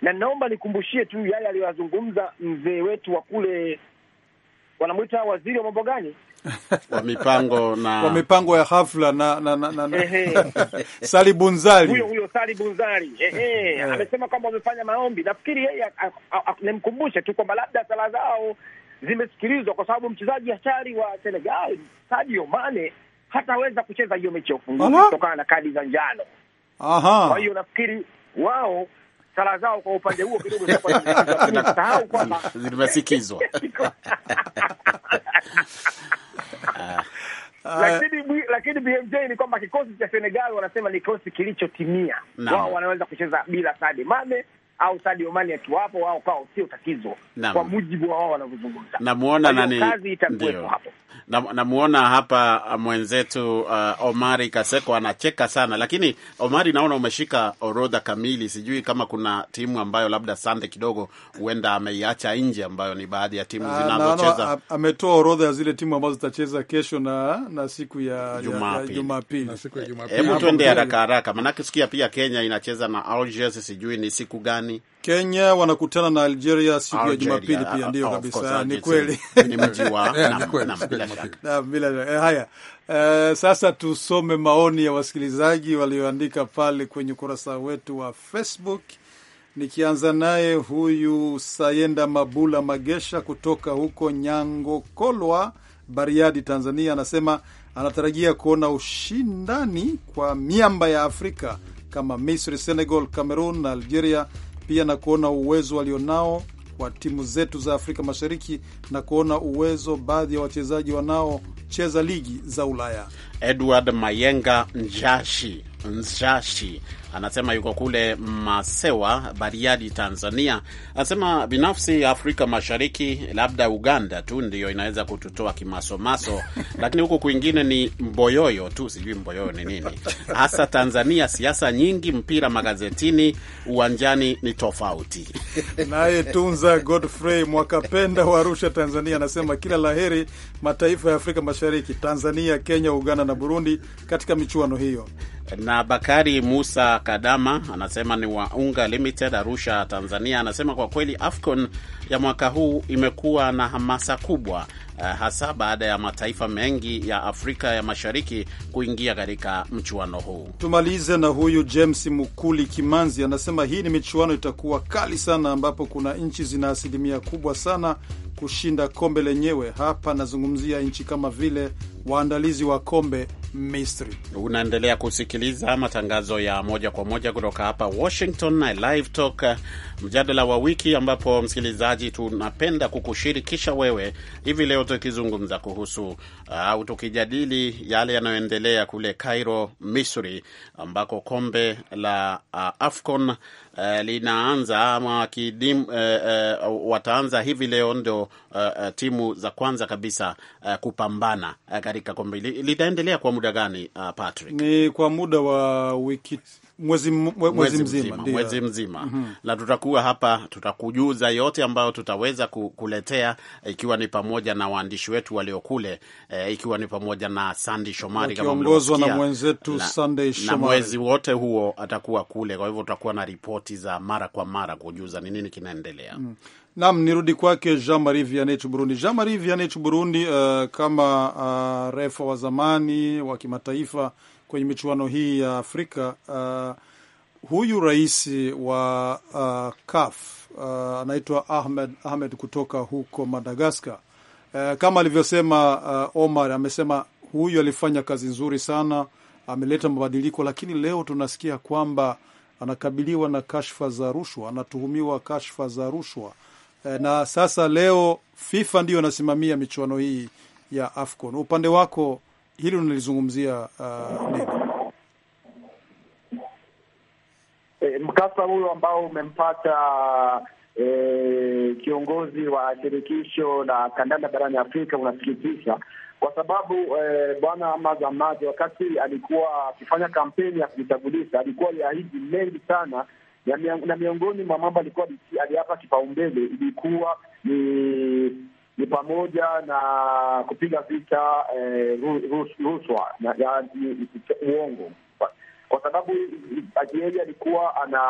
na naomba nikumbushie tu yale aliyoyazungumza mzee wetu wa kule, wanamwita waziri wa mambo gani wa mipango na wa mipango ya hafla na, na, na, na, na. Sali Bunzali huyo huyo Sali Bunzali amesema kwamba wamefanya maombi. Nafikiri yeye nimkumbushe tu kwamba labda sala zao zimesikilizwa, kwa sababu mchezaji hatari wa Senegal Sadio Mane hataweza kucheza hiyo mechi ya ufunguzi kutokana na kadi za njano. Kwa hiyo nafikiri wao sala zao kwa upande huo kidogo zimesikizwa Ah. lakini lakini BMJ ni kwamba kikosi cha Senegal wanasema ni kikosi kilichotimia. Wao wanaweza kucheza bila Sadio Mane au Sadio Mane akiwapo, wao kwao sio tatizo, kwa mujibu wao wanavyozungumza. Namuona nani, kazi itakuwepo hapo. Namuona na hapa uh, mwenzetu uh, Omari Kaseko anacheka sana, lakini Omari, naona umeshika orodha kamili. Sijui kama kuna timu ambayo labda Sande kidogo huenda ameiacha nje, ambayo ni baadhi ya timu ah, zinazocheza. Ametoa orodha ya zile timu ambazo zitacheza kesho na na siku ya Jumapili. Hebu tuende haraka haraka, manake sikia pia Kenya inacheza na Algiers, sijui ni siku gani gani? Kenya wanakutana na Algeria siku ya Jumapili pia. ndio kabisa, ni kweli. Eh, haya, eh, sasa tusome maoni ya wasikilizaji walioandika pale kwenye ukurasa wetu wa Facebook, nikianza naye huyu Sayenda Mabula Magesha kutoka huko Nyangokolwa, Bariadi, Tanzania, anasema anatarajia kuona ushindani kwa miamba ya Afrika kama Misri, Senegal, Cameroon na Algeria pia na kuona uwezo walionao wa timu zetu za Afrika Mashariki na kuona uwezo baadhi ya wachezaji wanaocheza ligi za Ulaya. Edward Mayenga Njashi Njashi anasema yuko kule Masewa, Bariadi, Tanzania. Anasema binafsi Afrika Mashariki, labda Uganda tu ndiyo inaweza kututoa kimasomaso, lakini huku kwingine ni mboyoyo tu, sijui mboyoyo ni nini hasa. Tanzania siasa nyingi, mpira magazetini, uwanjani ni tofauti. Naye Tunza Godfrey Mwakapenda wa Arusha, Tanzania, anasema kila laheri mataifa ya Afrika Mashariki, Tanzania, Kenya, Uganda na na Burundi katika michuano hiyo. Na Bakari Musa Kadama anasema ni Waunga Limited, Arusha, Tanzania, anasema kwa kweli AFCON ya mwaka huu imekuwa na hamasa kubwa eh, hasa baada ya mataifa mengi ya Afrika ya Mashariki kuingia katika mchuano huu. Tumalize na huyu James Mukuli Kimanzi anasema hii ni michuano itakuwa kali sana, ambapo kuna nchi zina asilimia kubwa sana kushinda kombe lenyewe. Hapa nazungumzia nchi kama vile waandalizi wa kombe Misri. Unaendelea kusikiliza matangazo ya moja kwa moja kutoka hapa Washington na Live Talk, mjadala wa wiki, ambapo msikilizaji, tunapenda kukushirikisha wewe hivi leo, tukizungumza kuhusu uh, au uh, tukijadili yale yanayoendelea kule Cairo, Misri, ambako kombe la uh, AFCON eh, linaanza ama kidim, eh, eh, wataanza hivi leo ndo eh, eh timu za kwanza kabisa eh, kupambana eh, katika kombe. Litaendelea kwa muda gani, uh, Patrick? Ni kwa muda wa wiki mwezi, mwe, mwezi mzima, mzima, mwezi mzima. Mm -hmm. Na tutakuwa hapa, tutakujuza yote ambayo tutaweza kuletea, ikiwa ni pamoja na waandishi wetu kule e, ikiwa ni pamoja na Sandy Shomari kama na mwenzetu Sandy Shomari, na mwezi wote huo atakuwa kule, kwa hivyo tutakuwa na ripoti za mara kwa mara kujuza ni nini kinaendelea. Mm. Nam, nirudi kwake Jean Marie Vianney Burundi. Jean Marie Vianney Burundi, uh, kama uh, refa wa zamani wa kimataifa kwenye michuano hii ya Afrika. Uh, huyu rais wa uh, CAF uh, anaitwa Ahmed, Ahmed kutoka huko Madagaskar. Uh, kama alivyosema uh, Omar amesema huyu alifanya kazi nzuri sana, ameleta mabadiliko, lakini leo tunasikia kwamba anakabiliwa na kashfa za rushwa, anatuhumiwa kashfa za rushwa uh, na sasa leo FIFA ndiyo anasimamia michuano hii ya AFCON. Upande wako hili unalizungumzia uh, nini? E, eh, mkasa huyo ambao umempata e, kiongozi wa shirikisho la kandanda barani Afrika unasikitisha kwa sababu e, bwana Amaz wakati alikuwa akifanya kampeni ya kujichagulisha alikuwa aliahidi mengi sana na miongoni mwa mambo alikuwa aliapa kipaumbele ilikuwa ni ni pamoja na kupiga vita eh, rushwa na yaani uongo, kwa sababu yeye alikuwa ana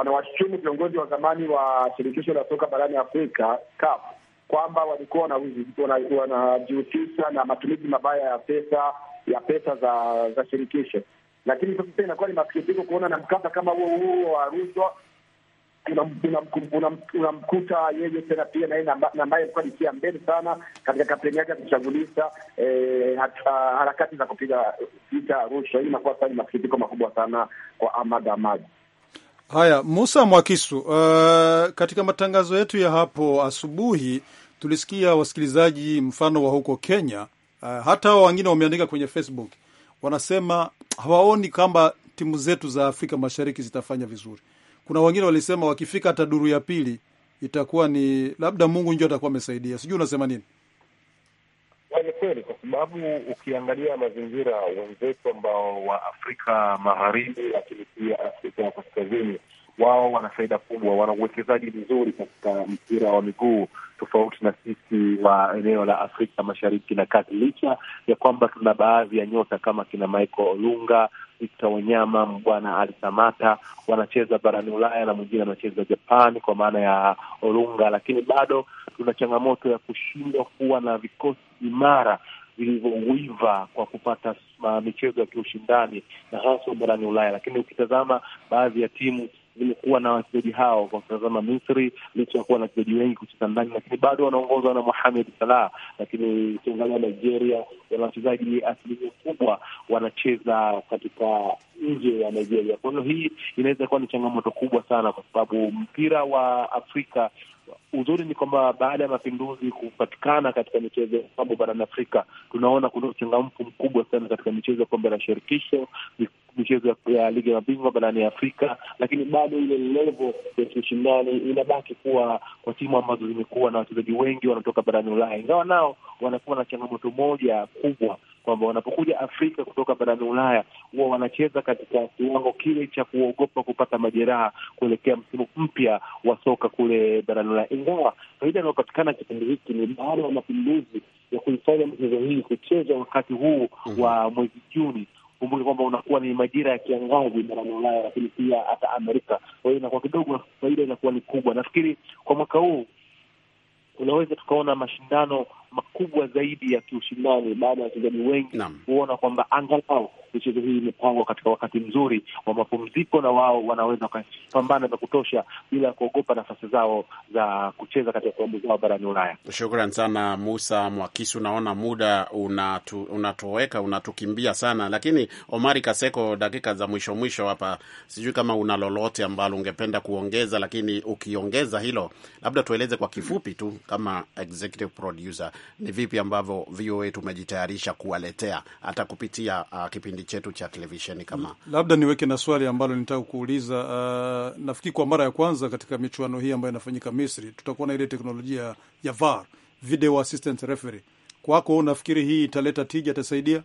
anawashutumu viongozi wa zamani wa shirikisho la soka barani Afrika CAF kwamba walikuwa wanajihusisha wana na matumizi mabaya ya pesa ya pesa za za shirikisho, lakini sasa inakuwa ni masikitiko kuona na mkasa kama huo huo wa rushwa unamkuta yeye tena pia naye ambaye alikuwa likia mbele sana katika kampeni yake ya kushughulisha eh, harakati za kupiga vita rushwa. Hii inakuwa sasa ni masikitiko makubwa sana kwa Ahmad Ahmad. Haya, Musa Mwakisu, uh, katika matangazo yetu ya hapo asubuhi tulisikia wasikilizaji mfano wa huko Kenya, uh, hata hao wengine wameandika kwenye Facebook wanasema hawaoni kwamba timu zetu za Afrika Mashariki zitafanya vizuri kuna wengine walisema wakifika hata duru ya pili itakuwa ni labda Mungu ndio atakuwa amesaidia. Sijui unasema nini? Ni kweli, kwa sababu ukiangalia mazingira wenzetu ambao wa Afrika Magharibi, lakini pia Afrika ya Kaskazini, wao wana faida kubwa, wana uwekezaji mzuri katika mpira wa miguu tofauti na sisi wa eneo la Afrika Mashariki na Kati, licha ya kwamba tuna baadhi ya nyota kama kina Michael Olunga Victor Wanyama, bwana Ali Samata wanacheza barani Ulaya na mwingine anacheza Japan kwa maana ya Olunga, lakini bado tuna changamoto ya kushindwa kuwa na vikosi imara vilivyowiva kwa kupata uh, michezo ya kiushindani na hasa barani Ulaya. Lakini ukitazama baadhi ya timu limekuwa na wachezaji hao. Kwa kutazama Misri, licha ya kuwa na wachezaji wengi kucheza ndani, lakini bado wanaongozwa na Mohamed Salah. Lakini ukiangalia Nigeria, wana wachezaji asilimia kubwa wanacheza katika nje ya Nigeria. Kwa hiyo hii inaweza kuwa ni changamoto kubwa sana, kwa sababu mpira wa Afrika uzuri ni kwamba baada ya mapinduzi kupatikana katika michezo ya klabu barani Afrika, tunaona kuna uchangamfu mkubwa sana katika michezo ya kombe la shirikisho, michezo ya ligi ya mabingwa barani Afrika, lakini bado ile levo ya kiushindani inabaki kuwa kwa timu ambazo zimekuwa na wachezaji wengi wanatoka barani Ulaya, ingawa nao wanakuwa na changamoto moja kubwa kwamba wanapokuja Afrika kutoka barani Ulaya huwa wanacheza katika kiwango kile cha kuogopa kupata majeraha kuelekea msimu mpya wa soka kule barani Ulaya, ingawa faida inayopatikana kipindi hiki ni baada ya mapinduzi ya kuifanya michezo hii kuchezwa wakati huu mhm. wa mwezi Juni. Kumbuke kwamba unakuwa ni majira ya kiangazi barani Ulaya, lakini pia hata Amerika. Kwa hiyo inakuwa kidogo, faida inakuwa ni kubwa. Nafikiri kwa mwaka huu unaweza tukaona mashindano makubwa zaidi ya kiushindani, baada ya wachezaji wengi kuona kwamba angalau michezo hii imepangwa katika wakati mzuri wa mapumziko, na wao wanaweza wakapambana vya kutosha bila kuogopa nafasi zao za kucheza katika klabu zao barani Ulaya. Shukran sana Musa Mwakisu, naona muda unatu, unatoweka unatukimbia sana, lakini Omari Kaseko, dakika za mwisho mwisho hapa, sijui kama una lolote ambalo ungependa kuongeza, lakini ukiongeza hilo labda tueleze kwa kifupi tu kama executive producer ni vipi ambavyo VOA tumejitayarisha kuwaletea hata kupitia uh, kipindi chetu cha televisheni. Kama labda niweke na swali ambalo nitaka kuuliza uh, nafikiri kwa mara ya kwanza katika michuano hii ambayo inafanyika Misri tutakuwa na ile teknolojia ya VAR, video assistant referee. Kwako unafikiri hii italeta tija, itasaidia?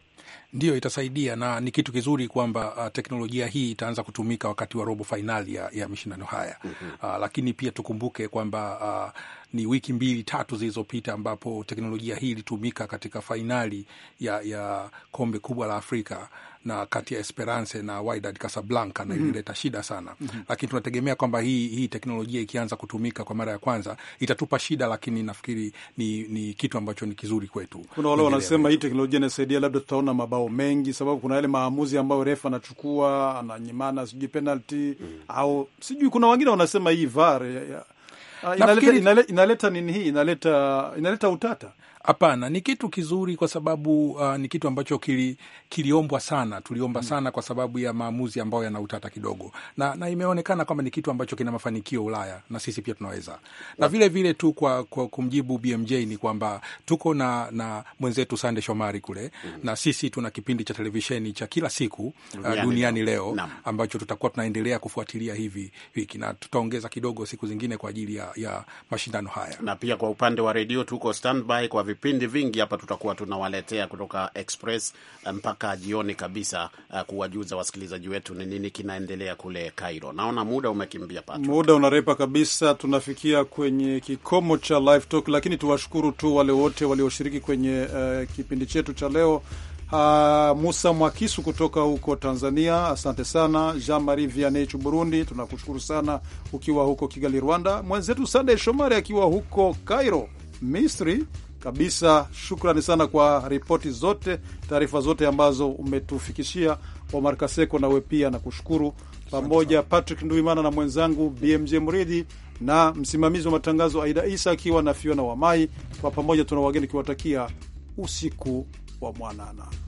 Ndiyo, itasaidia na ni kitu kizuri kwamba uh, teknolojia hii itaanza kutumika wakati wa robo fainali ya, ya mashindano haya mm -hmm. Uh, lakini pia tukumbuke kwamba uh, ni wiki mbili tatu zilizopita ambapo teknolojia hii ilitumika katika fainali ya, ya kombe kubwa la Afrika na kati ya Esperance na Wydad Casablanca na mhm. ilileta shida sana, mhm. lakini tunategemea kwamba hii, hii teknolojia ikianza kutumika kwa mara ya kwanza itatupa shida, lakini nafikiri ni, ni kitu ambacho ni kizuri kwetu. Kuna wale wanasema hii teknolojia inasaidia, labda tutaona mabao mengi, sababu kuna yale maamuzi ambayo refa anachukua ananyimana, sijui penalty mm. au sijui, kuna wengine wanasema hii VAR inaleta, inaleta, inaleta nini hii inaleta, inaleta utata Hapana, ni kitu kizuri kwa sababu uh, ni kitu ambacho kili, kiliombwa sana, tuliomba mm. sana kwa sababu ya maamuzi ambayo yana utata kidogo, na, na imeonekana kwamba ni kitu ambacho kina mafanikio Ulaya na sisi pia tunaweza Na vile vile tu kwa, kwa kumjibu BMJ ni kwamba tuko na, na mwenzetu Sande Shomari kule mm. na sisi tuna kipindi cha televisheni cha kila siku uh, duniani leo na. ambacho tutakuwa tunaendelea kufuatilia hivi wiki na tutaongeza kidogo siku zingine kwa ajili ya, ya mashindano haya na pia kwa upande wa redio tuko standby kwa vipindi vingi hapa tutakuwa tunawaletea kutoka Express eh, mpaka jioni kabisa, uh, kuwajuza wasikilizaji wetu ni nini kinaendelea kule Cairo. Naona muda umekimbia Patrick. Muda unarepa kabisa, tunafikia kwenye kikomo cha live talk, lakini tuwashukuru tu wale wote walioshiriki kwenye uh, kipindi chetu cha leo. Uh, Musa Mwakisu kutoka huko Tanzania, asante sana. Jean Marie Vianech Burundi, tunakushukuru sana ukiwa huko Kigali Rwanda. Mwenzetu Sandey Shomari akiwa huko Cairo Misri, kabisa. Shukrani sana kwa ripoti zote, taarifa zote ambazo umetufikishia. Omar Kaseko, nawe pia na kushukuru pamoja Patrick Nduimana na mwenzangu BMJ Mridhi na msimamizi wa matangazo Aida Isa akiwa na Fiona Wamai. Kwa pamoja tuna wageni kiwatakia usiku wa mwanana.